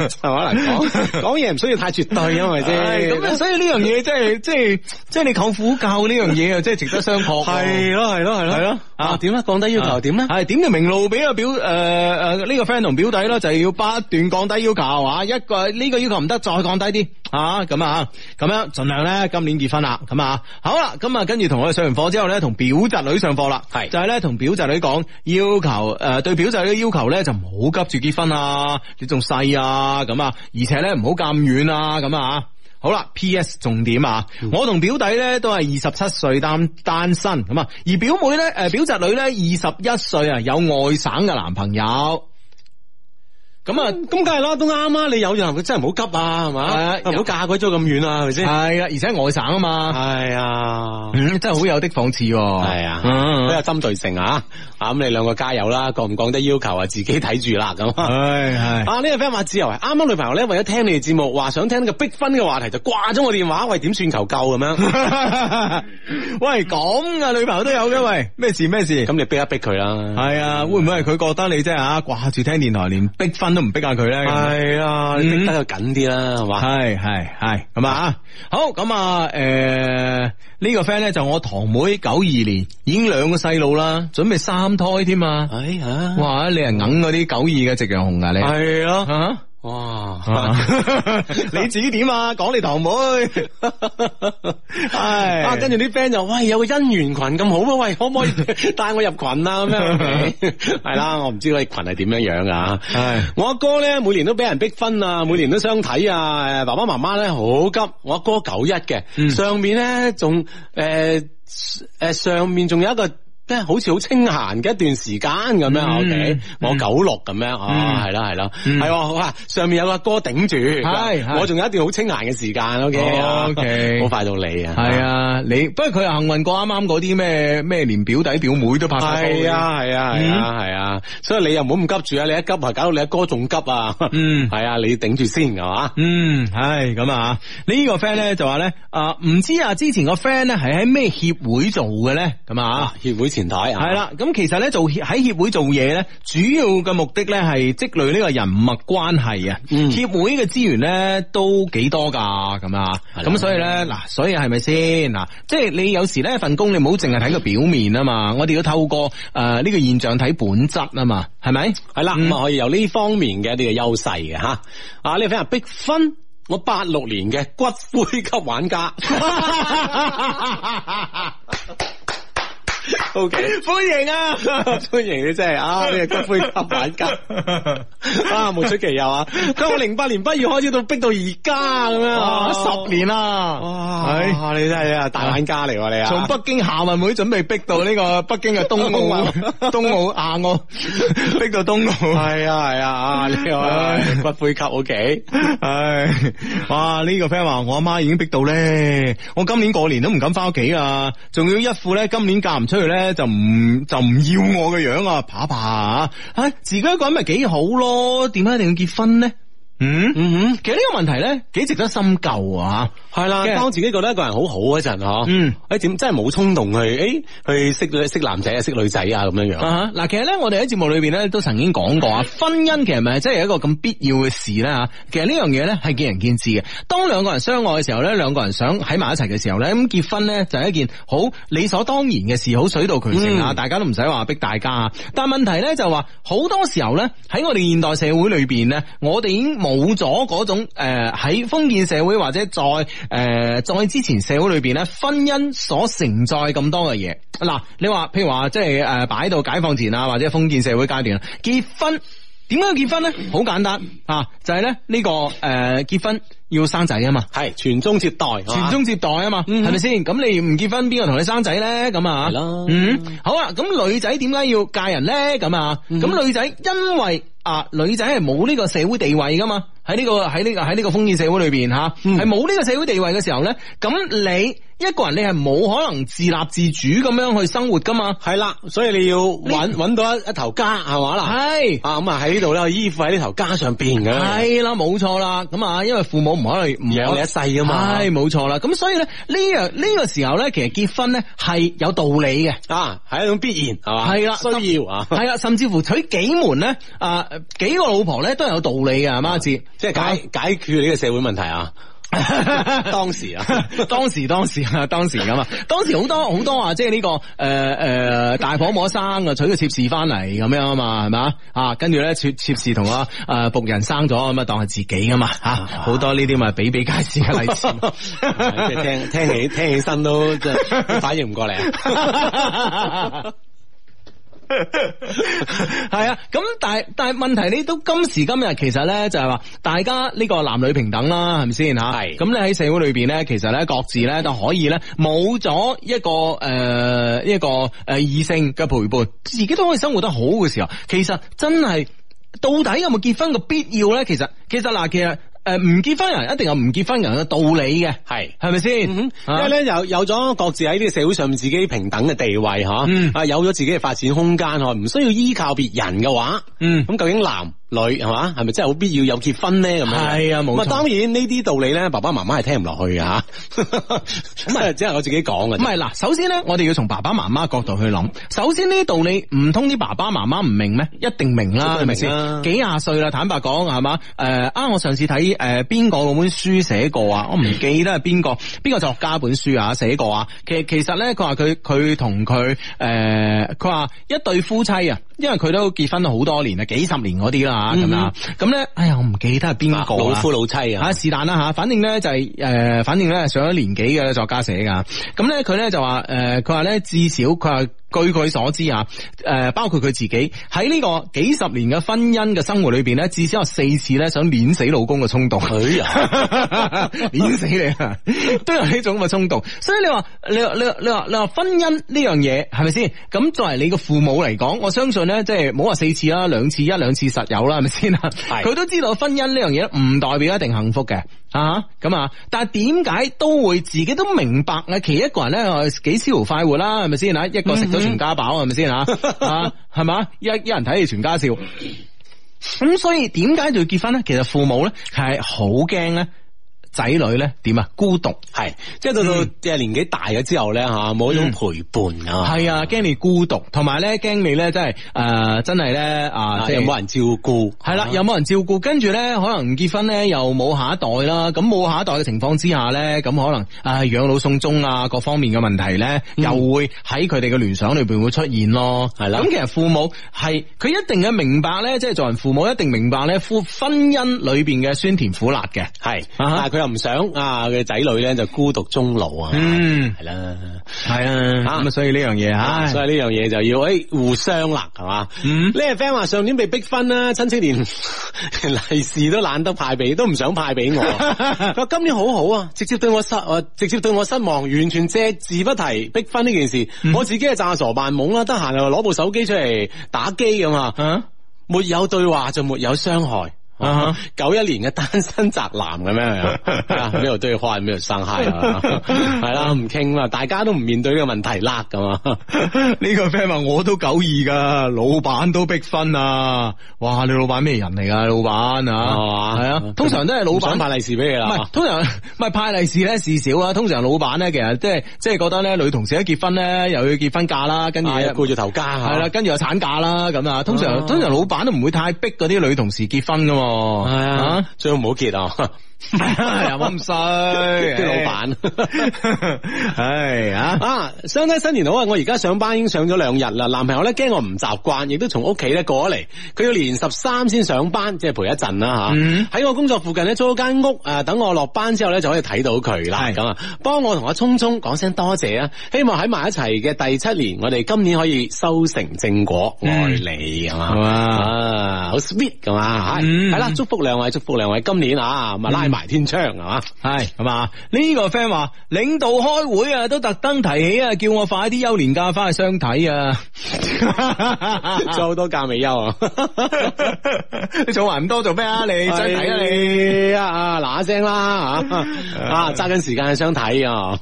係嘛？難講，講嘢唔需要太絕對，係咪先？咁、哎哎、所以呢、嗯、樣嘢係， 即係，即係你靠苦教呢樣嘢啊，即係值得商榷。係咯、啊，係咯、啊，係咯、啊，係咯。啊，點咧？降低要求點咧？係點就明路俾，呃個表誒誒呢個 friend 同表弟呢，就要不斷降低要求啊。一個呢，呢個要求唔得，再降低啲啊。咁啊，咁樣盡量咧，今年結婚啦。咁啊，好啦，咁啊，跟住同我哋上完課之後咧，同表侄女上課啦，係就係咧同表侄女講要求誒、呃，對表侄女嘅要求咧就唔好急住結婚啊，你仲細啊，咁啊，而且咧唔好咁遠啊，咁啊，好啦，P.S. 重點啊，我同表弟咧都係二十七歲，單單身，咁啊，而表妹咧，誒，表侄女咧二十一歲啊，有外省嘅男朋友。咁、嗯、啊，咁梗係啦，都啱啊！你有人佢真係唔好急啊，係嘛？唔好嫁鬼咗咁遠啊，係咪先？係啊，而且外省啊嘛。係、哎嗯、啊，真係好有的放矢。係啊，好、嗯、有針對性啊、嗯！啊，咁你兩個加油啦，降唔降低要求啊，自己睇住啦咁。係、哎哎、啊，呢個 friend 話自由係啱啱女朋友咧，為咗聽你哋節目，話想聽個逼婚嘅話題，就掛咗我電話，喂點算求救咁樣？ 喂，咁啊，女朋友都有嘅喂，咩事咩事？咁你逼一逼佢啦。係啊，會唔會係佢覺得你真係啊？掛住聽電台，連逼婚？都唔逼下佢咧，係啊，嗯、你逼得佢緊啲啦，係嘛，係係係，咁、嗯、啊，好咁啊，誒、呃，呢、這個 friend 咧，就我堂妹，九二年，已經兩個細路啦，準備三胎添啊，哎呀，哇，你係硬嗰啲九二嘅夕陽紅啊，你，係啊。啊哇、啊啊啊！你自己點啊？講你堂妹係 啊，跟住啲 friend 就話喂，有個姻緣群咁好可可啊，喂，可唔可以帶我入群啊？咁樣係啦，我唔知嗰啲群係點樣樣噶吓。我阿哥咧每年都俾人逼婚啊，每年都相睇啊。爸爸媽媽咧好急。我阿哥九一嘅，上面咧仲誒誒，上面仲有一個。即係好似好清閒嘅一段時間咁樣，O K，我九六咁樣，嗯、啊係啦，係啦，係好啊，上面有阿哥頂住，係，我仲有一段好清閒嘅時間，O K，O K，好快到你啊，係啊，你不過佢又幸運過啱啱嗰啲咩咩連表弟表妹都拍拖，啊係啊係啊係啊，所以你又唔好咁急住啊，你一急啊，搞到你阿哥仲急啊，嗯，係、嗯嗯、啊，你頂住先係嘛，嗯，唉咁啊，你呢個 friend 咧就話咧，啊唔知啊之前個 friend 咧係喺咩協會做嘅咧，咁啊，協會。前台係啦，咁其實咧做喺協會做嘢咧，主要嘅目的咧係積累呢個人脈關係啊。協、嗯、會嘅資源咧都幾多噶，咁啊，咁所以咧嗱，所以係咪先嗱？即係、就是、你有時咧份工，你唔好淨係睇個表面啊嘛，我哋要透過誒呢個現象睇本質啊嘛，係咪？係啦，咁啊可以由呢方面嘅一啲嘅優勢嘅吓啊人逼分，我八六年嘅骨灰級玩家。 O、okay, K，歡迎啊，歡迎你真係 啊，你係骨灰級玩家 啊，冇出奇又啊！我零八年畢業開始到逼到而家咁樣十年啊，哇，哇哎、你真係啊大玩家嚟喎、啊、你啊！從北京奧運會準備逼到呢個北京嘅冬奧冬奧亞澳逼到冬奧，係啊係啊啊！ 骨灰級 OK，唉、哎，哇！呢、這個 friend 話我阿媽已經逼到咧，我今年過年都唔敢返屋企啊，仲要一副咧今年嫁唔出去。所以咧就唔就唔要我嘅樣啊，爬爬啊！吓自己一個人咪幾好咯，點解一定要結婚呢？嗯嗯嗯，其實呢個問題咧幾值得深究啊，係啦，當自己覺得一個人好好嗰陣嗬，嗯，誒點真係冇衝動去誒、哎、去識識男仔啊，識女仔啊咁樣樣嗱、嗯、其實咧我哋喺節目裏邊咧都曾經講過啊，婚姻其實咪真係一個咁必要嘅事咧？其實呢樣嘢咧係見仁見智嘅。當兩個人相愛嘅時候咧，兩個人想喺埋一齊嘅時候咧，咁結婚咧就係一件好理所當然嘅事，好水到渠成啊、嗯，大家都唔使話逼大家啊。但問題咧就話、是、好多時候咧喺我哋現代社會裏邊咧，我哋已經。冇咗嗰種誒喺、呃、封建社會或者在誒、呃、在之前社會裏邊咧，婚姻所承載咁多嘅嘢。嗱、啊，你話譬如話即係誒擺到解放前啊，或者封建社會階段，結婚點樣結婚咧？好簡單啊，就係咧呢個誒、呃、結婚要生仔啊嘛，係傳宗接代，傳宗接代啊嘛，係咪先？咁你唔結婚，邊個同你生仔咧？咁啊，係咯。嗯，好啊。咁女仔點解要嫁人咧？咁啊，咁、嗯、女仔因為。啊，女仔係冇呢個社會地位噶嘛。喺呢個喺呢個喺呢個封建社會裏邊吓，係冇呢個社會地位嘅時候咧，咁你一個人你係冇可能自立自主咁樣去生活噶嘛，係啦，所以你要揾揾到一一頭家係嘛啦，係啊咁啊喺呢度咧，依附喺呢頭家上邊嘅，係啦，冇錯啦，咁啊因為父母唔可能唔養你一世噶嘛是，係冇錯啦，咁所以咧呢樣呢個時候咧，其實結婚咧係有道理嘅啊，係一種必然係嘛，係啦，需要啊，係啦，甚至乎娶幾門咧啊幾個老婆咧都係有道理嘅，係咪。即係解解決呢個社會問題啊！當時啊， 當時當時啊，當時咁啊，當時好多好多啊，即係呢個誒誒、呃呃、大婆冇生娶啊，娶個妾侍翻嚟咁樣啊嘛，係嘛啊，跟住咧妾妾侍同我誒僕人生咗咁啊，當係自己噶嘛吓，好多呢啲咪比比皆是嘅例子。即 係 聽聽起聽起身都即係 反應唔過嚟、啊。 係 啊，咁但係但係問題，你都今時今日其實咧就係話，大家呢個男女平等啦，係咪先吓？係。咁你喺社會裏邊咧，其實咧各自咧都可以咧冇咗一個誒、呃、一個誒異性嘅陪伴，自己都可以生活得好嘅時候，其實真係到底有冇結婚嘅必要咧？其實其實嗱，其實。其實其實誒、呃，唔結婚人一定有唔結婚人嘅道理嘅，係係咪先？因為咧有有咗各自喺呢個社會上面自己平等嘅地位，吓、嗯、啊有咗自己嘅發展空間，嗬，唔需要依靠別人嘅話，嗯，咁究竟男女係嘛，係咪真係好必要有結婚呢？咁樣？係啊，冇。咁啊，當然呢啲道理咧，爸爸媽媽係聽唔落去嘅。咁啊，只係我自己講嘅。咁咪嗱，首先咧，我哋要從爸爸媽媽角度去諗。首先呢啲道理，唔通啲爸爸媽媽唔明咩？一定明啦，係咪先？幾廿歲啦，坦白講係嘛。誒啊、呃，我上次睇誒邊個本書寫過啊？我唔記得係邊個邊個作家本書啊寫過啊。其實其實咧，佢話佢佢同佢誒，佢話一對夫妻啊。因為佢都結婚咗好多年啦，幾十年嗰啲啦咁啦，咁、嗯、咧，哎呀，我唔記得係邊個老夫老妻啊，吓是但啦吓，反正咧就係、是、誒、呃，反正咧上咗年紀嘅作家寫噶，咁咧佢咧就話誒，佢話咧至少佢話。據佢所知啊，誒，包括佢自己喺呢個幾十年嘅婚姻嘅生活裏邊咧，至少有四次咧想碾死老公嘅衝動。佢呀，碾死你啊，都有呢種咁嘅衝動。所以你話，你話，你話，你話，你話，婚姻呢樣嘢係咪先？咁作為你嘅父母嚟講，我相信咧，即係冇話四次啦，兩次，次一兩次實有啦，係咪先啊？佢都知道婚姻呢樣嘢唔代表一定幸福嘅。啊咁啊！但係點解都會自己都明白咧？其一個人咧，幾逍遙快活啦，係咪先吓，一個食咗全家飽，係咪先啊？係嘛？一一人睇住全家笑，咁所以點解就要結婚咧？其實父母咧係好驚咧。仔女咧點啊？孤獨係，即係到到誒年紀大咗之後咧嚇，冇、嗯、一種陪伴啊。係啊，驚你孤獨，同埋咧驚你咧、呃、真係誒真係咧啊，即係冇人照顧。係、啊、啦，啊、又有冇人照顧？跟住咧可能唔結婚咧又冇下一代啦。咁冇下一代嘅情況之下咧，咁可能啊養老送終啊各方面嘅問題咧、嗯，又會喺佢哋嘅聯想裏邊會出現咯。係啦、啊。咁其實父母係佢一定嘅明白咧，即係作為父母一定明白咧婚姻裏邊嘅酸甜苦辣嘅係、啊，但係佢唔想啊嘅仔女咧就孤獨終老啊，嗯係啦，係啊，咁啊所以呢樣嘢，啊所以呢樣嘢就要誒、哎、互相啦係嘛，呢個 friend 話上年被逼婚啦，親戚連利是都懶得派俾，都唔想派俾我。佢 話今年好好啊，直接對我失，誒、啊、直接對我失望，完全借字不提逼婚呢件事，嗯。我自己係詐傻扮懵啦，得閒又攞部手機出嚟打機咁啊，嗯，沒有對話就沒有傷害。Uh -huh. Uh -huh. 九一年嘅單身宅男嘅咩？邊 度、啊、都要花，咩度生嗨？啦、 啊，係啦，唔傾嘛，大家都唔面對呢個問題，甩噶嘛？呢 個 friend 話我都九二噶，老闆都逼婚啊！哇，你老闆咩人嚟、啊、噶？老闆啊，係、哦、嘛？係啊，通常都係老闆派利是俾你啦。唔係，通常唔係派利是咧，事少、就是事哎、啊，啊。通常老闆咧，其實即係即係覺得咧，女同事一結婚咧，又要結婚假啦，跟住顧住頭家係啦，跟住又產假啦，咁啊，通常通常老闆都唔會太逼嗰啲女同事結婚噶嘛。哦，係啊，最好唔好結啊。係 啊，又咁衰啲老闆，唉、hey. hey. 啊！相睇新年好啊！我而家上班已經上咗兩日啦。男朋友咧驚我唔習慣，亦都從屋企咧過嚟。佢要年十三先上班，即、就、係、是、陪一陣啦吓。喺、mm -hmm. 我工作附近咧租咗間屋啊，等我落班之後咧就可以睇到佢啦。咁、yeah. 啊，幫我同阿聰聰講聲多謝啊！希望喺埋一齊嘅第七年，我哋今年可以收成正果。愛你係嘛？好 sweet 係嘛？係、wow. 啦、mm -hmm.，祝福兩位，祝福兩位，今年啊、mm -hmm. 埋天窗係嘛，係係嘛？呢、這個 friend 話領導開會啊，都特登提起啊，叫我快啲休年假翻去相睇啊，做 好多假未休啊？ 你做還咁多做咩啊， 啊？你睇 啊，你啊嗱聲啦吓啊，揸緊時間去相睇啊！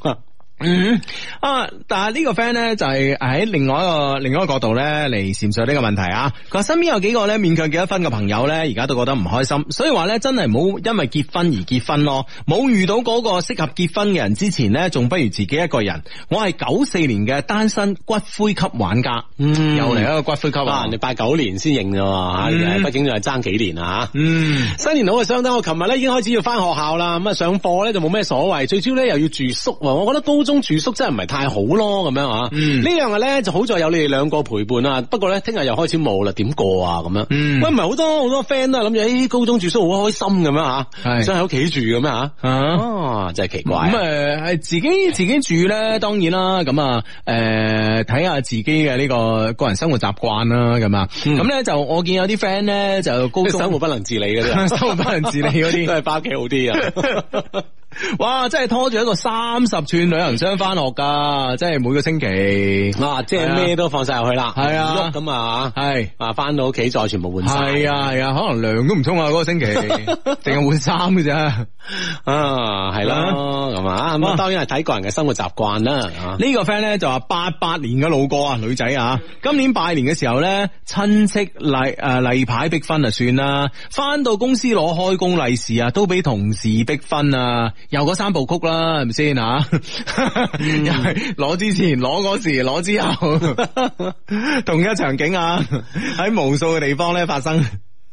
嗯、mm -hmm. 啊，但係呢個 friend 咧就係喺另外一個另外一個角度咧嚟闡述呢個問題啊。佢話身邊有幾個咧勉強結咗婚嘅朋友咧，而家都覺得唔開心，所以話咧真係冇因為結婚而結婚咯，冇遇到嗰個適合結婚嘅人之前咧，仲不如自己一個人。我係九四年嘅單身骨灰級玩家，嗯、mm -hmm.，又嚟一個骨灰級玩家啊！你八九年先認咋嘛吓？mm -hmm. 啊、畢竟仲係爭幾年啊嗯，mm -hmm. 新年好啊！相當我琴日咧已經開始要翻學校啦，咁啊上課咧就冇咩所謂，最主要咧又要住宿，我覺得高中。住宿真係唔係太好咯，咁樣啊？嗯、樣，呢樣嘅咧就好在有你哋兩個陪伴啊。不過咧，聽日又開始冇啦，點過啊？咁樣，喂、嗯，唔係好多好多 friend 都係諗住，誒、欸，高中住宿好開心咁樣，真想喺屋企住咁樣啊？哦、啊，真、就、係、是、奇怪。咁、嗯、誒，係、呃、自己自己住咧，當然啦。咁、呃、啊，誒，睇下自己嘅呢個個人生活習慣啦。咁啊，咁、嗯、咧就我見有啲 friend 咧就高中生活不能自理嘅 生活不能自理嗰啲 都係巴記好啲啊。哇！真係拖住一個三十寸旅行箱翻學噶，即係每個星期，哇、啊！即係咩都放晒入去啦，係啊咁啊，係啊翻到屋企再全部換晒，係啊係啊，可能涼都唔沖啊嗰個星期，淨係換衫嘅啫啊，係啦咁啊，咁、啊啊啊啊啊、當然係睇個人嘅生活習慣啦。呢個 friend 咧就話八八年嘅老過啊，這個、過女仔啊，今年拜年嘅時候咧，親戚例誒例牌逼婚就算啦，翻到公司攞開工利是啊，都俾同事逼婚啊。又嗰三部曲啦，係咪先啊？ 又係攞之前，攞時，攞之後， 同一場景啊，喺無數嘅地方咧發生。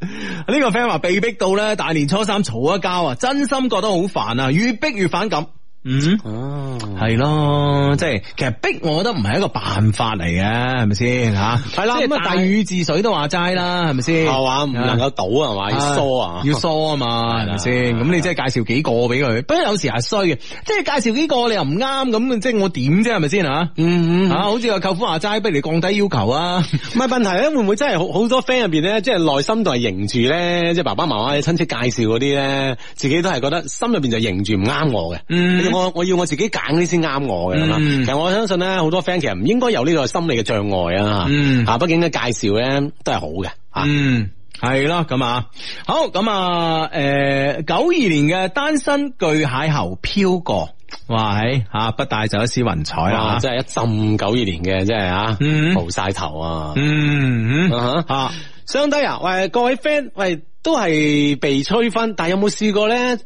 呢、這個 friend 話被逼到咧大年初三吵一交啊，真心覺得好煩啊，越逼越反感。嗯，哦、嗯，係咯，即係其實逼我覺得唔係一個辦法嚟嘅，係咪先吓？係啦，即大禹治水都話齋啦，係咪先？係話唔能夠堵啊，話要疏啊，要疏啊嘛，係咪先？咁你即係介紹幾個俾佢，不過有時係衰嘅，即係介紹幾個你又唔啱，咁即係我點啫？係咪先吓？嗯，好似個舅父話齋，不如你降低要求啊？唔、嗯、係 問題咧，會唔會真係好好多 friend 入邊咧，即係內心都係迎住咧，即係爸爸媽媽、親戚介紹嗰啲咧，自己都係覺得心入邊就迎住唔啱我嘅。嗯。我我要我自己揀呢先啱我嘅、嗯，其實我相信咧，好多 friend 其實唔應該有呢個心理嘅障礙啊，吓，畢竟嘅介紹咧都係好嘅，嗯，係咯咁啊，好咁啊，誒、呃，九二年嘅單身巨蟹猴飄過，哇，係啊，不帶走一絲雲彩啊，真係一浸九二年嘅，真係啊，無、嗯、晒頭啊，嗯，吓、嗯，啊，啊相低啊，喂，各位 friend，喂，都係被催婚，但係有冇試過咧？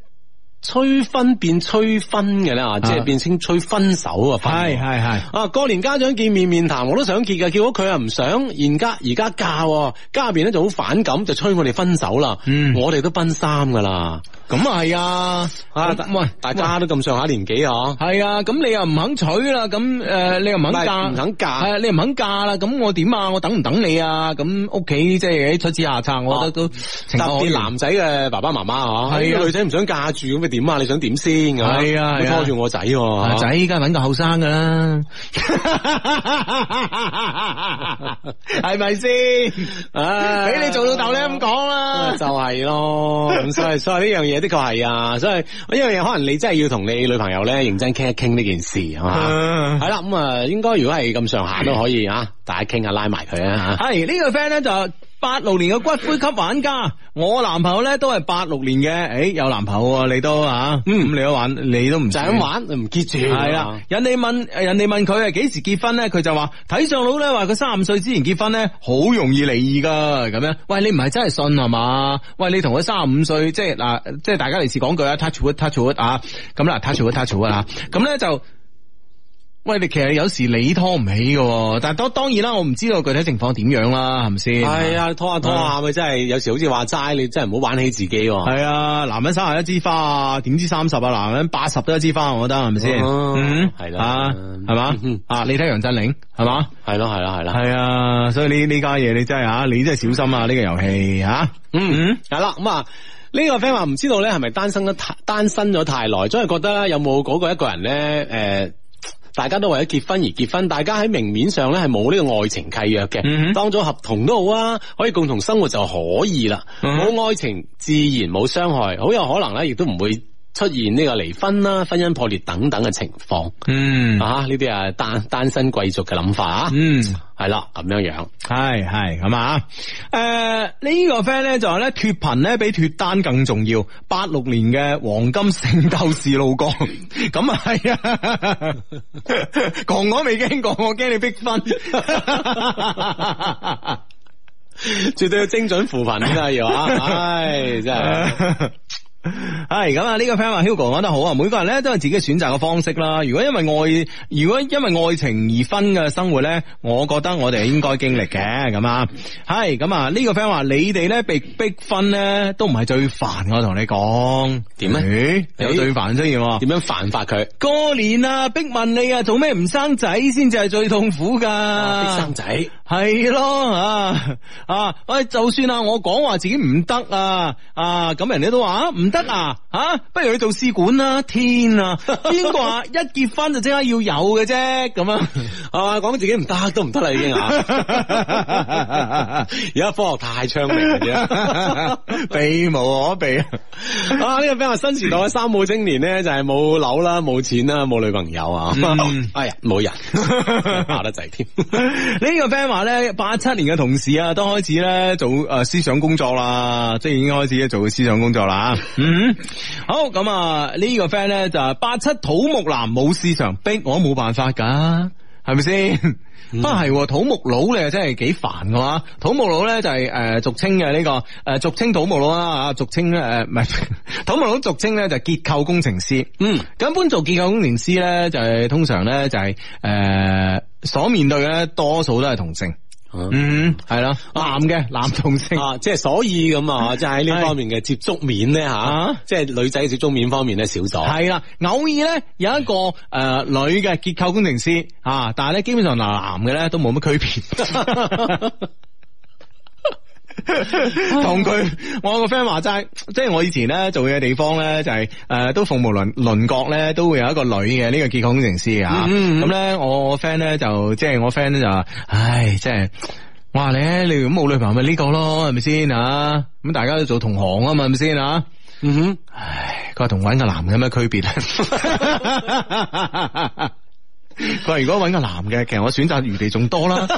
催婚變催分嘅啦，即係變成催分手分啊！係係係啊！過年家長見面面談，我都想結噶，結果佢又唔想，而家而家嫁，家入邊咧就好反感，就催我哋分手啦。嗯，我哋都奔三噶啦。咁啊係啊，啊喂，大家都咁上下年紀嗬，係啊，咁你又唔肯娶啦，咁誒，你又唔肯嫁唔肯嫁，係啊，你又唔肯嫁啦，咁我點啊？我等唔等你啊？咁屋企即係喺出此下策，我覺得都情況啲男仔嘅爸爸媽媽嗬，係啊，女仔唔想嫁住咁你點啊？你想點先噶？係啊，拖住我仔，仔依家搵個後生噶啦，係咪先？唉，俾你做老豆你咁講啦，就係咯，咁所以所以呢樣嘢。的確係啊，所以呢樣嘢可能你真係要同你女朋友咧，認真傾一傾呢件事，係啊，嘛？係啦，咁啊，應該如果係咁上下都可以啊，大家傾下拉埋佢啊嚇。係呢個 friend 咧就。八六年嘅骨灰級玩家，我男朋友咧都係八六年嘅。誒、哎，有男朋友、啊、你都啊，嗯，咁你都玩，你都唔想咁玩不，唔結住係啦。人哋問誒，人哋問佢幾時結婚咧，佢就話睇相佬咧，話佢三十五歲之前結婚咧，好容易離異噶咁樣。喂，你唔係真係信係嘛？喂，你同佢三十五歲，即係嗱，即係大家嚟次講句啊，touchwood touchwood 啊，咁啦，touchwood touchwood 啦，咁咧、啊、就。喂，你其實有時你拖唔起嘅，但係當當然啦，我唔知道具體情況點樣啦，係咪先？係、哎、啊，拖下拖下，咪真係有時好似話齋，你真係唔好玩起自己、啊。係啊，男人生下一枝花啊，點知三十啊，男人八十都一枝花，我覺得係咪先？嗯，係啦，係、啊、嘛，啊，你睇楊振寧，係嘛？係咯，係咯，係咯。係啊，所以呢呢家嘢你真係吓，你真係小心啊！呢、呢個遊戲吓，嗯嗯，係啦，咁、嗯、啊，呢、嗯嗯嗯嗯嗯嗯呢個 friend 話唔知道咧，係咪單身得太單身咗太耐，所以覺得有冇嗰個一個人咧誒？呃大家都為咗結婚而結婚，大家喺明面上咧係冇呢個愛情契約嘅。嗯，當咗合同都好啊，可以共同生活就可以啦，冇、嗯、愛情自然冇傷害，好有可能咧亦都唔會。出現呢個離婚啦、婚姻破裂等等嘅情況，嗯啊呢啲啊單單身貴族嘅諗法、嗯、是是啊，嗯係啦咁樣樣，係係係嘛，誒呢個 friend 咧就話咧脫貧咧比脫單更重要，八六年嘅黃金聖鬥士路哥，咁啊係啊，窮 我未驚過，我驚你逼婚， 絕對要精準扶貧啊，而 話，唉、哎、真係。係咁啊！呢個 friend 話 Hugo 講得好啊，每個人咧都有自己選擇嘅方式啦。如果因為愛，如果因為愛情而分嘅生活咧，我覺得我哋應該經歷嘅咁啊。係咁啊！呢個 friend 話你哋咧被逼婚咧都唔係最煩，我同你講點咧？點樣哎、你有最煩先要點樣煩法佢？過年啊，逼問你啊，做咩唔生仔先至係最痛苦噶？逼生仔係咯啊啊！喂，就算說啊，我講話自己唔得啊啊，咁人哋都話唔得啊，吓、啊，不如去做試管啦！天啊，邊個話一結婚就即刻要有嘅啫？咁啊，係嘛？講自己唔得都唔得已嘅啊！而家科學太昌明嘅啫，避無可避啊！啊，呢、啊 啊這個 friend 話新時代嘅三冇青年咧，就係冇樓啦、冇錢啦、冇女朋友啊、嗯。哎呀，冇人，跑 得滯添。啊、 個呢個 friend 話咧，八七年嘅同事啊，都開始咧做誒、呃、思想工作啦，即係已經開始做思想工作啦。啊嗯，好咁啊！這個、fan 呢個 friend 咧就八、是、七土木男冇市場逼，我冇辦法噶，係咪先？不係土木佬你又真係幾煩嘅話，土木佬咧就係、是、誒、呃、俗稱嘅呢、這個誒、呃、俗稱土木佬啦，啊俗稱咧誒唔係土木佬，俗稱咧就係結構工程師。嗯，咁般做結構工程師咧就係、是、通常咧就係、是、誒、呃、所面對嘅咧多數都係同性。嗯，係啦，男嘅男同性啊，即係所以咁啊，即係喺呢方面嘅接觸面咧吓，即係女仔接觸面方面咧少咗。係啦，偶爾咧有一個誒女嘅結構工程師啊，但係咧基本上男男嘅咧都冇乜區別。 同 佢，我有個 friend 話齋，即係我以前咧做嘢嘅地方咧，就係誒都鳳毛麟麟角咧，都會有一個女嘅呢、呢個結構工程師啊。咁、嗯、咧，我就、就是、我 friend 咧就即係我 friend 咧就話，唉，即係我話你咧，你咁冇女朋友咪呢、就是這個咯，係咪先啊？咁大家都做同行啊嘛，係咪先啊？嗯哼，唉，佢話同搵個男嘅有咩區別啊？佢 話 如果搵個男嘅，其實我選擇餘地仲多啦。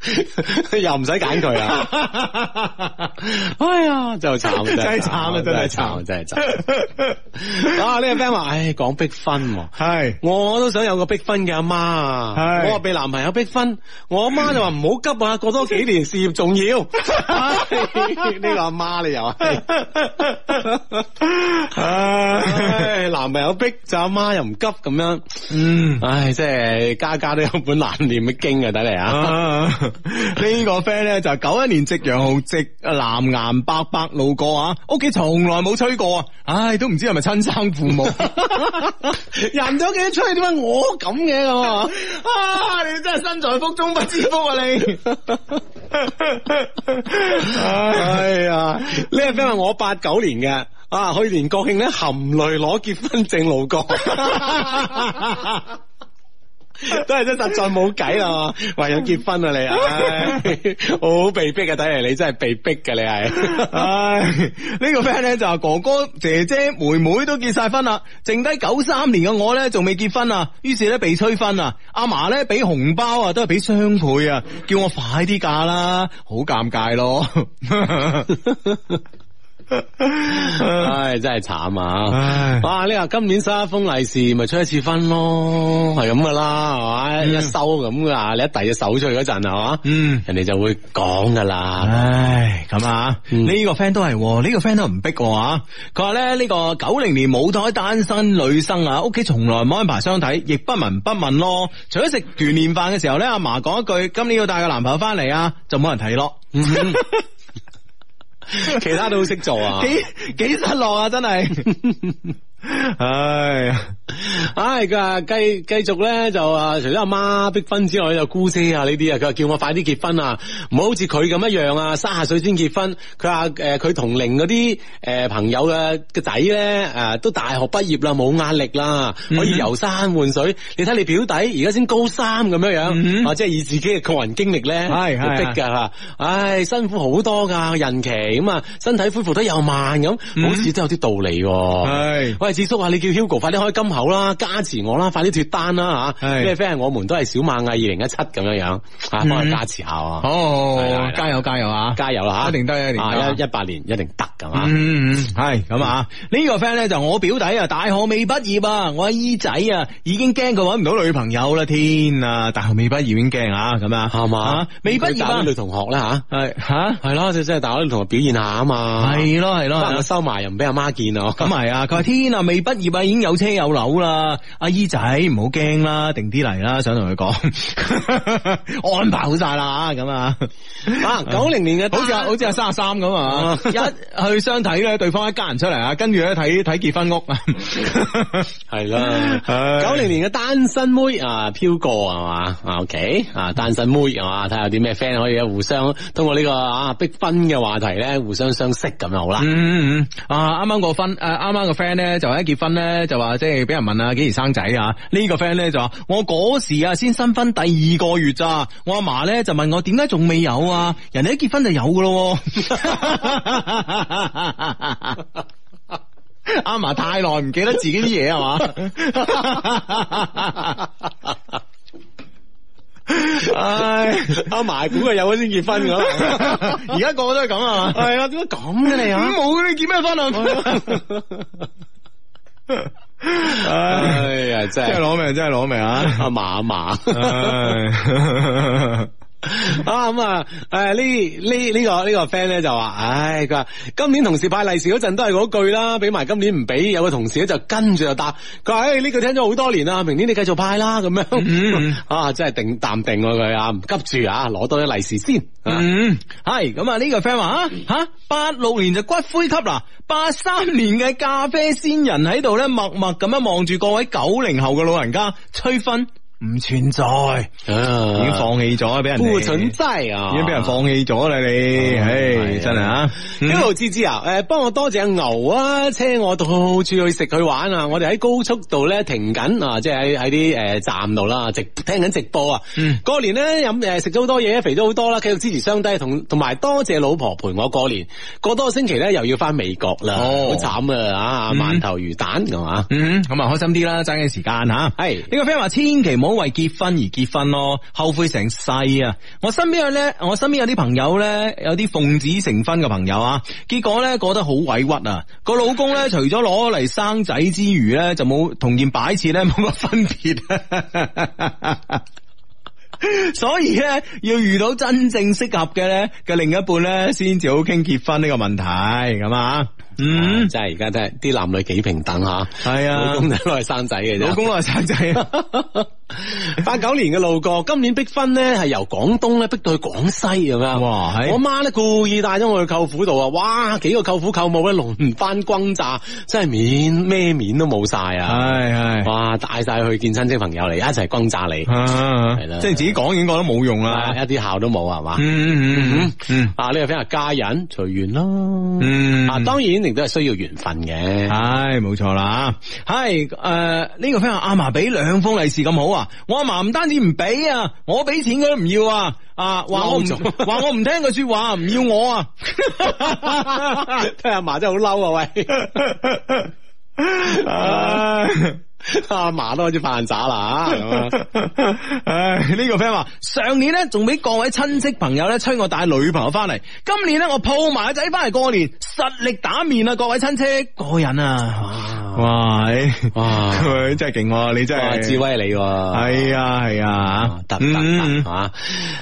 又唔使揀佢啊！哎呀，就慘，真係慘 可憐 啊，真係慘，真係慘啊！呢個 friend 話，唉，講逼婚，係我都想有個逼婚嘅阿媽啊！我話俾男朋友逼婚，我阿媽就話唔好急啊， 過多幾年事業重要。呢、哎這個阿媽你又係、 哎？男朋友逼就阿媽又唔急咁樣。嗯，唉、哎，即係家家都有本難念嘅經啊！睇嚟啊～ 呢、這個 friend 咧就九一年夕陽紅，直藍顏白白路過啊，屋企從來冇吹過，唉，都唔知係咪親生父母， 人咗幾多吹，點解我咁嘅咁啊？啊，你真係身在福中不知福啊！你， 哎呀，呢個 friend 話我八九年嘅，啊，去年國慶咧含淚攞結婚證路過。 都係真實在冇計啊！唯有結婚啊你，好被逼啊！睇嚟你真係被逼㗎你係。唉， 個呢個 friend 咧就話哥哥姐姐妹妹都結晒婚啦，剩低九三年嘅我咧仲未結婚啊，於是咧被催婚啊，阿嫲咧俾紅包啊都係俾雙倍啊，叫我快啲嫁啦，好尷尬咯。 唉，真係慘啊，唉！哇，你話今年收一封利是，咪出一次婚咯，係咁噶啦，係、嗯、一收咁噶，你一遞隻手出嗰陣，係嘛？嗯，人哋就會講噶啦。唉，咁啊，呢、嗯、個 friend 都係，呢、這個 friend 都唔逼我啊。佢話咧，呢、這個九零年母胎單身女生啊，屋企從來冇安排相睇，亦不聞不問咯。除咗食團年飯嘅時候咧，阿嫲講一句，今年要帶個男朋友翻嚟啊，就冇人睇咯。嗯 其他都好識做啊，幾幾失落啊，真係。 唉，唉，佢話繼繼續咧就啊，除咗阿媽，媽逼婚之外，就姑姐啊呢啲啊，佢話叫我快啲結婚啊，唔好好似佢咁一樣啊，卅歲先結婚。佢話誒，佢、呃、同齡嗰啲誒朋友嘅仔咧，誒都大學畢業啦，冇壓力啦，可以遊山玩水。嗯、你睇你表弟而家先高三咁樣樣，或、嗯、者以自己嘅個人經歷咧，係逼噶吓，唉，辛苦好多噶孕期，咁啊，身體恢復得又慢，咁、嗯、好似都有啲道理、啊。係。志叔啊，你叫 Hugo 快啲開金口啦，加持我啦，快啲脫單啦吓！咩 friend？我們都係小馬藝二零一七咁樣樣啊，幫佢加持下啊！好、嗯，加油加油，加油啊！加油啦一定得、啊、一定一八、啊、年一定得咁啊！係咁啊！呢、嗯嗯這個 friend 咧就我表弟啊，大學未畢業啊，我阿姨仔啊已經驚佢搵唔到女朋友啦天啊！大學未畢業已經驚啊咁啊，係嘛、啊？未畢業班女同學啦吓，係吓係咯，即係大學同學表現下啊嘛，係咯係咯，是是是但我收埋又唔俾阿媽見啊，咁係啊，佢話天啊！ 未畢業啊，已經有車有樓啦！阿姨仔唔好驚啦，定啲嚟啦，想同佢講我安排好晒啦啊！咁啊，九零年嘅，好似好似係三十三咁啊， 一去相睇咧，對方一家人出嚟啊，跟住咧睇睇結婚屋啊，係 啦，九零年嘅單身妹啊，飄過係嘛？OK 啊，單身妹係嘛？睇、啊、下有啲咩 friend 可以互相通過呢、這個啊逼婚嘅話題咧，互相相識咁就好啦。嗯，嗯啊啱啱個婚，誒啱啱個 friend 咧就。啊剛剛第一結婚咧就話即係俾人問啊，幾時生仔啊？呢個 friend 咧就話我嗰時啊先新婚第二個月咋，我阿嫲咧就問我點解仲未有啊？人哋一結婚就有噶咯、啊， 阿嫲太耐唔記得自己啲嘢係嘛？唉 是吧、 哎，阿嫲估計有咗先結婚噶而家個個都係咁啊嘛？係啊，點解咁嘅你啊？冇、啊 嗯、你結咩婚啊？ 哎 呀，真係攞命，真係攞命，命啊！阿、啊、嫲。阿、啊、嫲。啊啊啊 唉 啊 咁啊！誒、嗯，呢呢呢個呢、這個 friend 咧、這個、就話，唉、哎，佢話今年同事派利是嗰陣都係嗰句啦，俾埋今年唔俾，有個同事咧就跟住就答：他說「佢唉呢個聽咗好多年啦，明年你繼續派啦咁樣，啊真係定淡定佢啊，唔急住啊，攞、啊、多啲利是先。嗯，係咁、嗯這個、啊呢個 friend 話啊啊八六年就骨灰級啦，八三年嘅咖啡仙人喺度咧默默咁樣望住各位九零後嘅老人家吹分。」唔存在，已經放棄咗，俾人不存在，啊、已經俾人放棄咗啦！你，唉、啊啊，真係、嗯、啊！一路支持啊！誒，幫我多謝牛啊，車我到處去食去玩啊！我哋喺高速度咧停緊啊，即係喺喺啲誒站度啦，直聽緊直播啊！嗯、過年咧飲誒食咗好多嘢，肥咗好多啦！繼續支持雙低，同同埋多謝老婆陪我過年。過多個星期咧又要翻美國啦，好、哦、慘啊！啊，饅頭魚蛋咁嘛？嗯咁啊，嗯啊開心啲啦、啊，爭緊時間吓、啊。係呢個 friend 話，千祈唔好。好為結婚而結婚咯，後悔成世啊！我身邊咧，我身邊有啲朋友咧，有啲奉子成婚嘅朋友啊，結果咧覺得好委屈啊。個老公咧，除咗攞嚟生仔之餘咧，就冇同件擺設咧冇乜分別。 所以咧，要遇到真正適合嘅咧嘅另一半咧，先至好傾結婚呢個問題咁啊。嗯，即係而家真係啲男女幾平等吓，係啊，老公都係生仔嘅啫，老公都係生仔，啊啊。八九年嘅路過，今年逼婚咧係由廣東咧逼到去廣西咁樣。哇，我媽咧故意帶咗我去舅父度啊，哇，幾個舅父舅，舅母咧輪番轟炸，真係面咩面都冇晒啊，係係，哇，帶晒去見親戚朋友嚟一齊轟炸你，係啦，啊啊，即係自己講已經覺得冇用啦，啊，一啲效都冇係嘛，嗯，啊呢個叫做家人隨緣咯，嗯，啊、這個、家人隨緣嗯啊當然。都係需要緣分嘅，係冇錯啦。係誒、呃、呢、呢個 friend 阿嫲俾兩封利是咁好啊，我阿嫲唔單止唔俾啊，我俾錢佢都唔要啊，啊我唔我唔 我唔話我唔話我唔聽佢說話唔要我啊，聽 阿嫲真係好嬲啊，喂。 啊阿、啊、嫲都開始扮渣啦，唉，呢、這個 friend 話上年咧，仲俾各位親戚朋友咧催我帶女朋友翻嚟，今年咧我抱埋仔翻嚟過年，實力打面啊！各位親戚過癮啊！哇哇，佢真係勁、啊，你真係智威你，係啊係啊，得唔得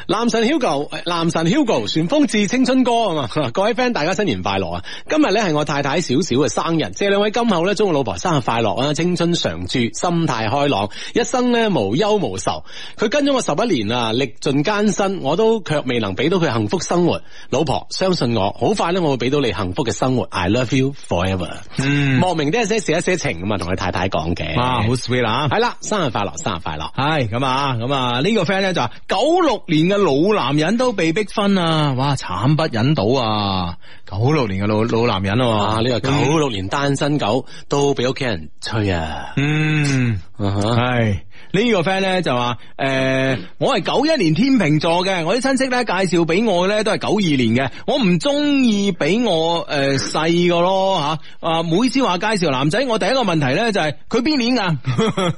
男神 Hugo，男神 Hugo，旋風自青春歌啊嘛！各位 friend，大家新年快樂啊！今日咧係我太太少少嘅生日，借兩位今後咧，祝我老婆生日快樂啊！青春常。住心態開朗，一生咧無憂無愁。佢跟咗我十一年啊，歷盡艱辛，我都卻未能俾到佢幸福生活。老婆，相信我，好快咧我會俾到你幸福嘅生活。I love you forever。嗯，莫名啲寫寫一寫情咁啊，同佢太太講嘅。啊，好 sweet 啦。係啦，生日快樂，生日快樂。係咁啊，咁啊，呢個 friend 咧就話九六年嘅老男人都被逼婚啊，哇，慘不忍睹啊。九六年嘅老老男人啊，嘛、啊，呢個九六年單身狗、嗯、都俾屋企人催啊。嗯嗯，係呢個 friend 咧就話，誒、呃，我係九一年天秤座嘅，我啲親戚咧介紹俾我咧都係九二年嘅，我唔中意俾我誒細個咯吓，啊每次話介紹男仔，我第一個問題咧就係佢邊年噶、啊。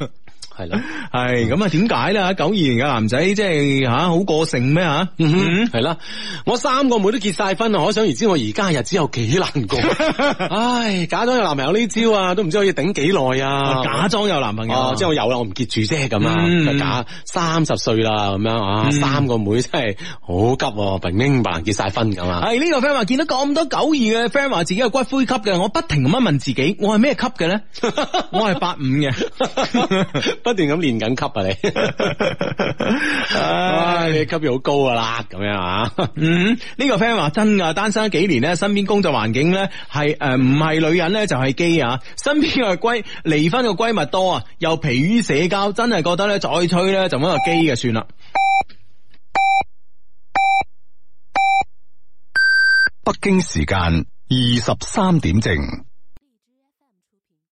係啦，係咁、就是、啊？點解咧？九二年嘅男仔即係吓好個性咩？嗯，係啦，我三個妹都結晒婚啦，可想而知我而家日子有幾難過。唉、 哎，假裝有男朋友呢招啊，都唔知可以頂幾耐啊！假裝有男朋友，即、啊、係、啊就是、我有啦，我唔結住啫咁啊！Mm -hmm. 假三十歲啦咁樣啊，mm -hmm. 三個妹真係好急、啊，明明扮結晒婚咁啊！係呢、呢個 friend 話見到咁多九二嘅 friend 話自己係骨灰級嘅，我不停咁樣問自己，我係咩級嘅咧？我係八五嘅。 不斷咁練緊級啊！你，唉、 哎，你級別好高噶啦，咁樣啊？嗯，呢、這個 friend 話真噶，單身咗幾年咧，身邊工作環境咧係誒唔係女人咧就係基啊，身邊嘅閨離婚嘅閨蜜多啊，又疲於社交，真係覺得咧再催咧就搵個基就算啦。北京時間二十三點正。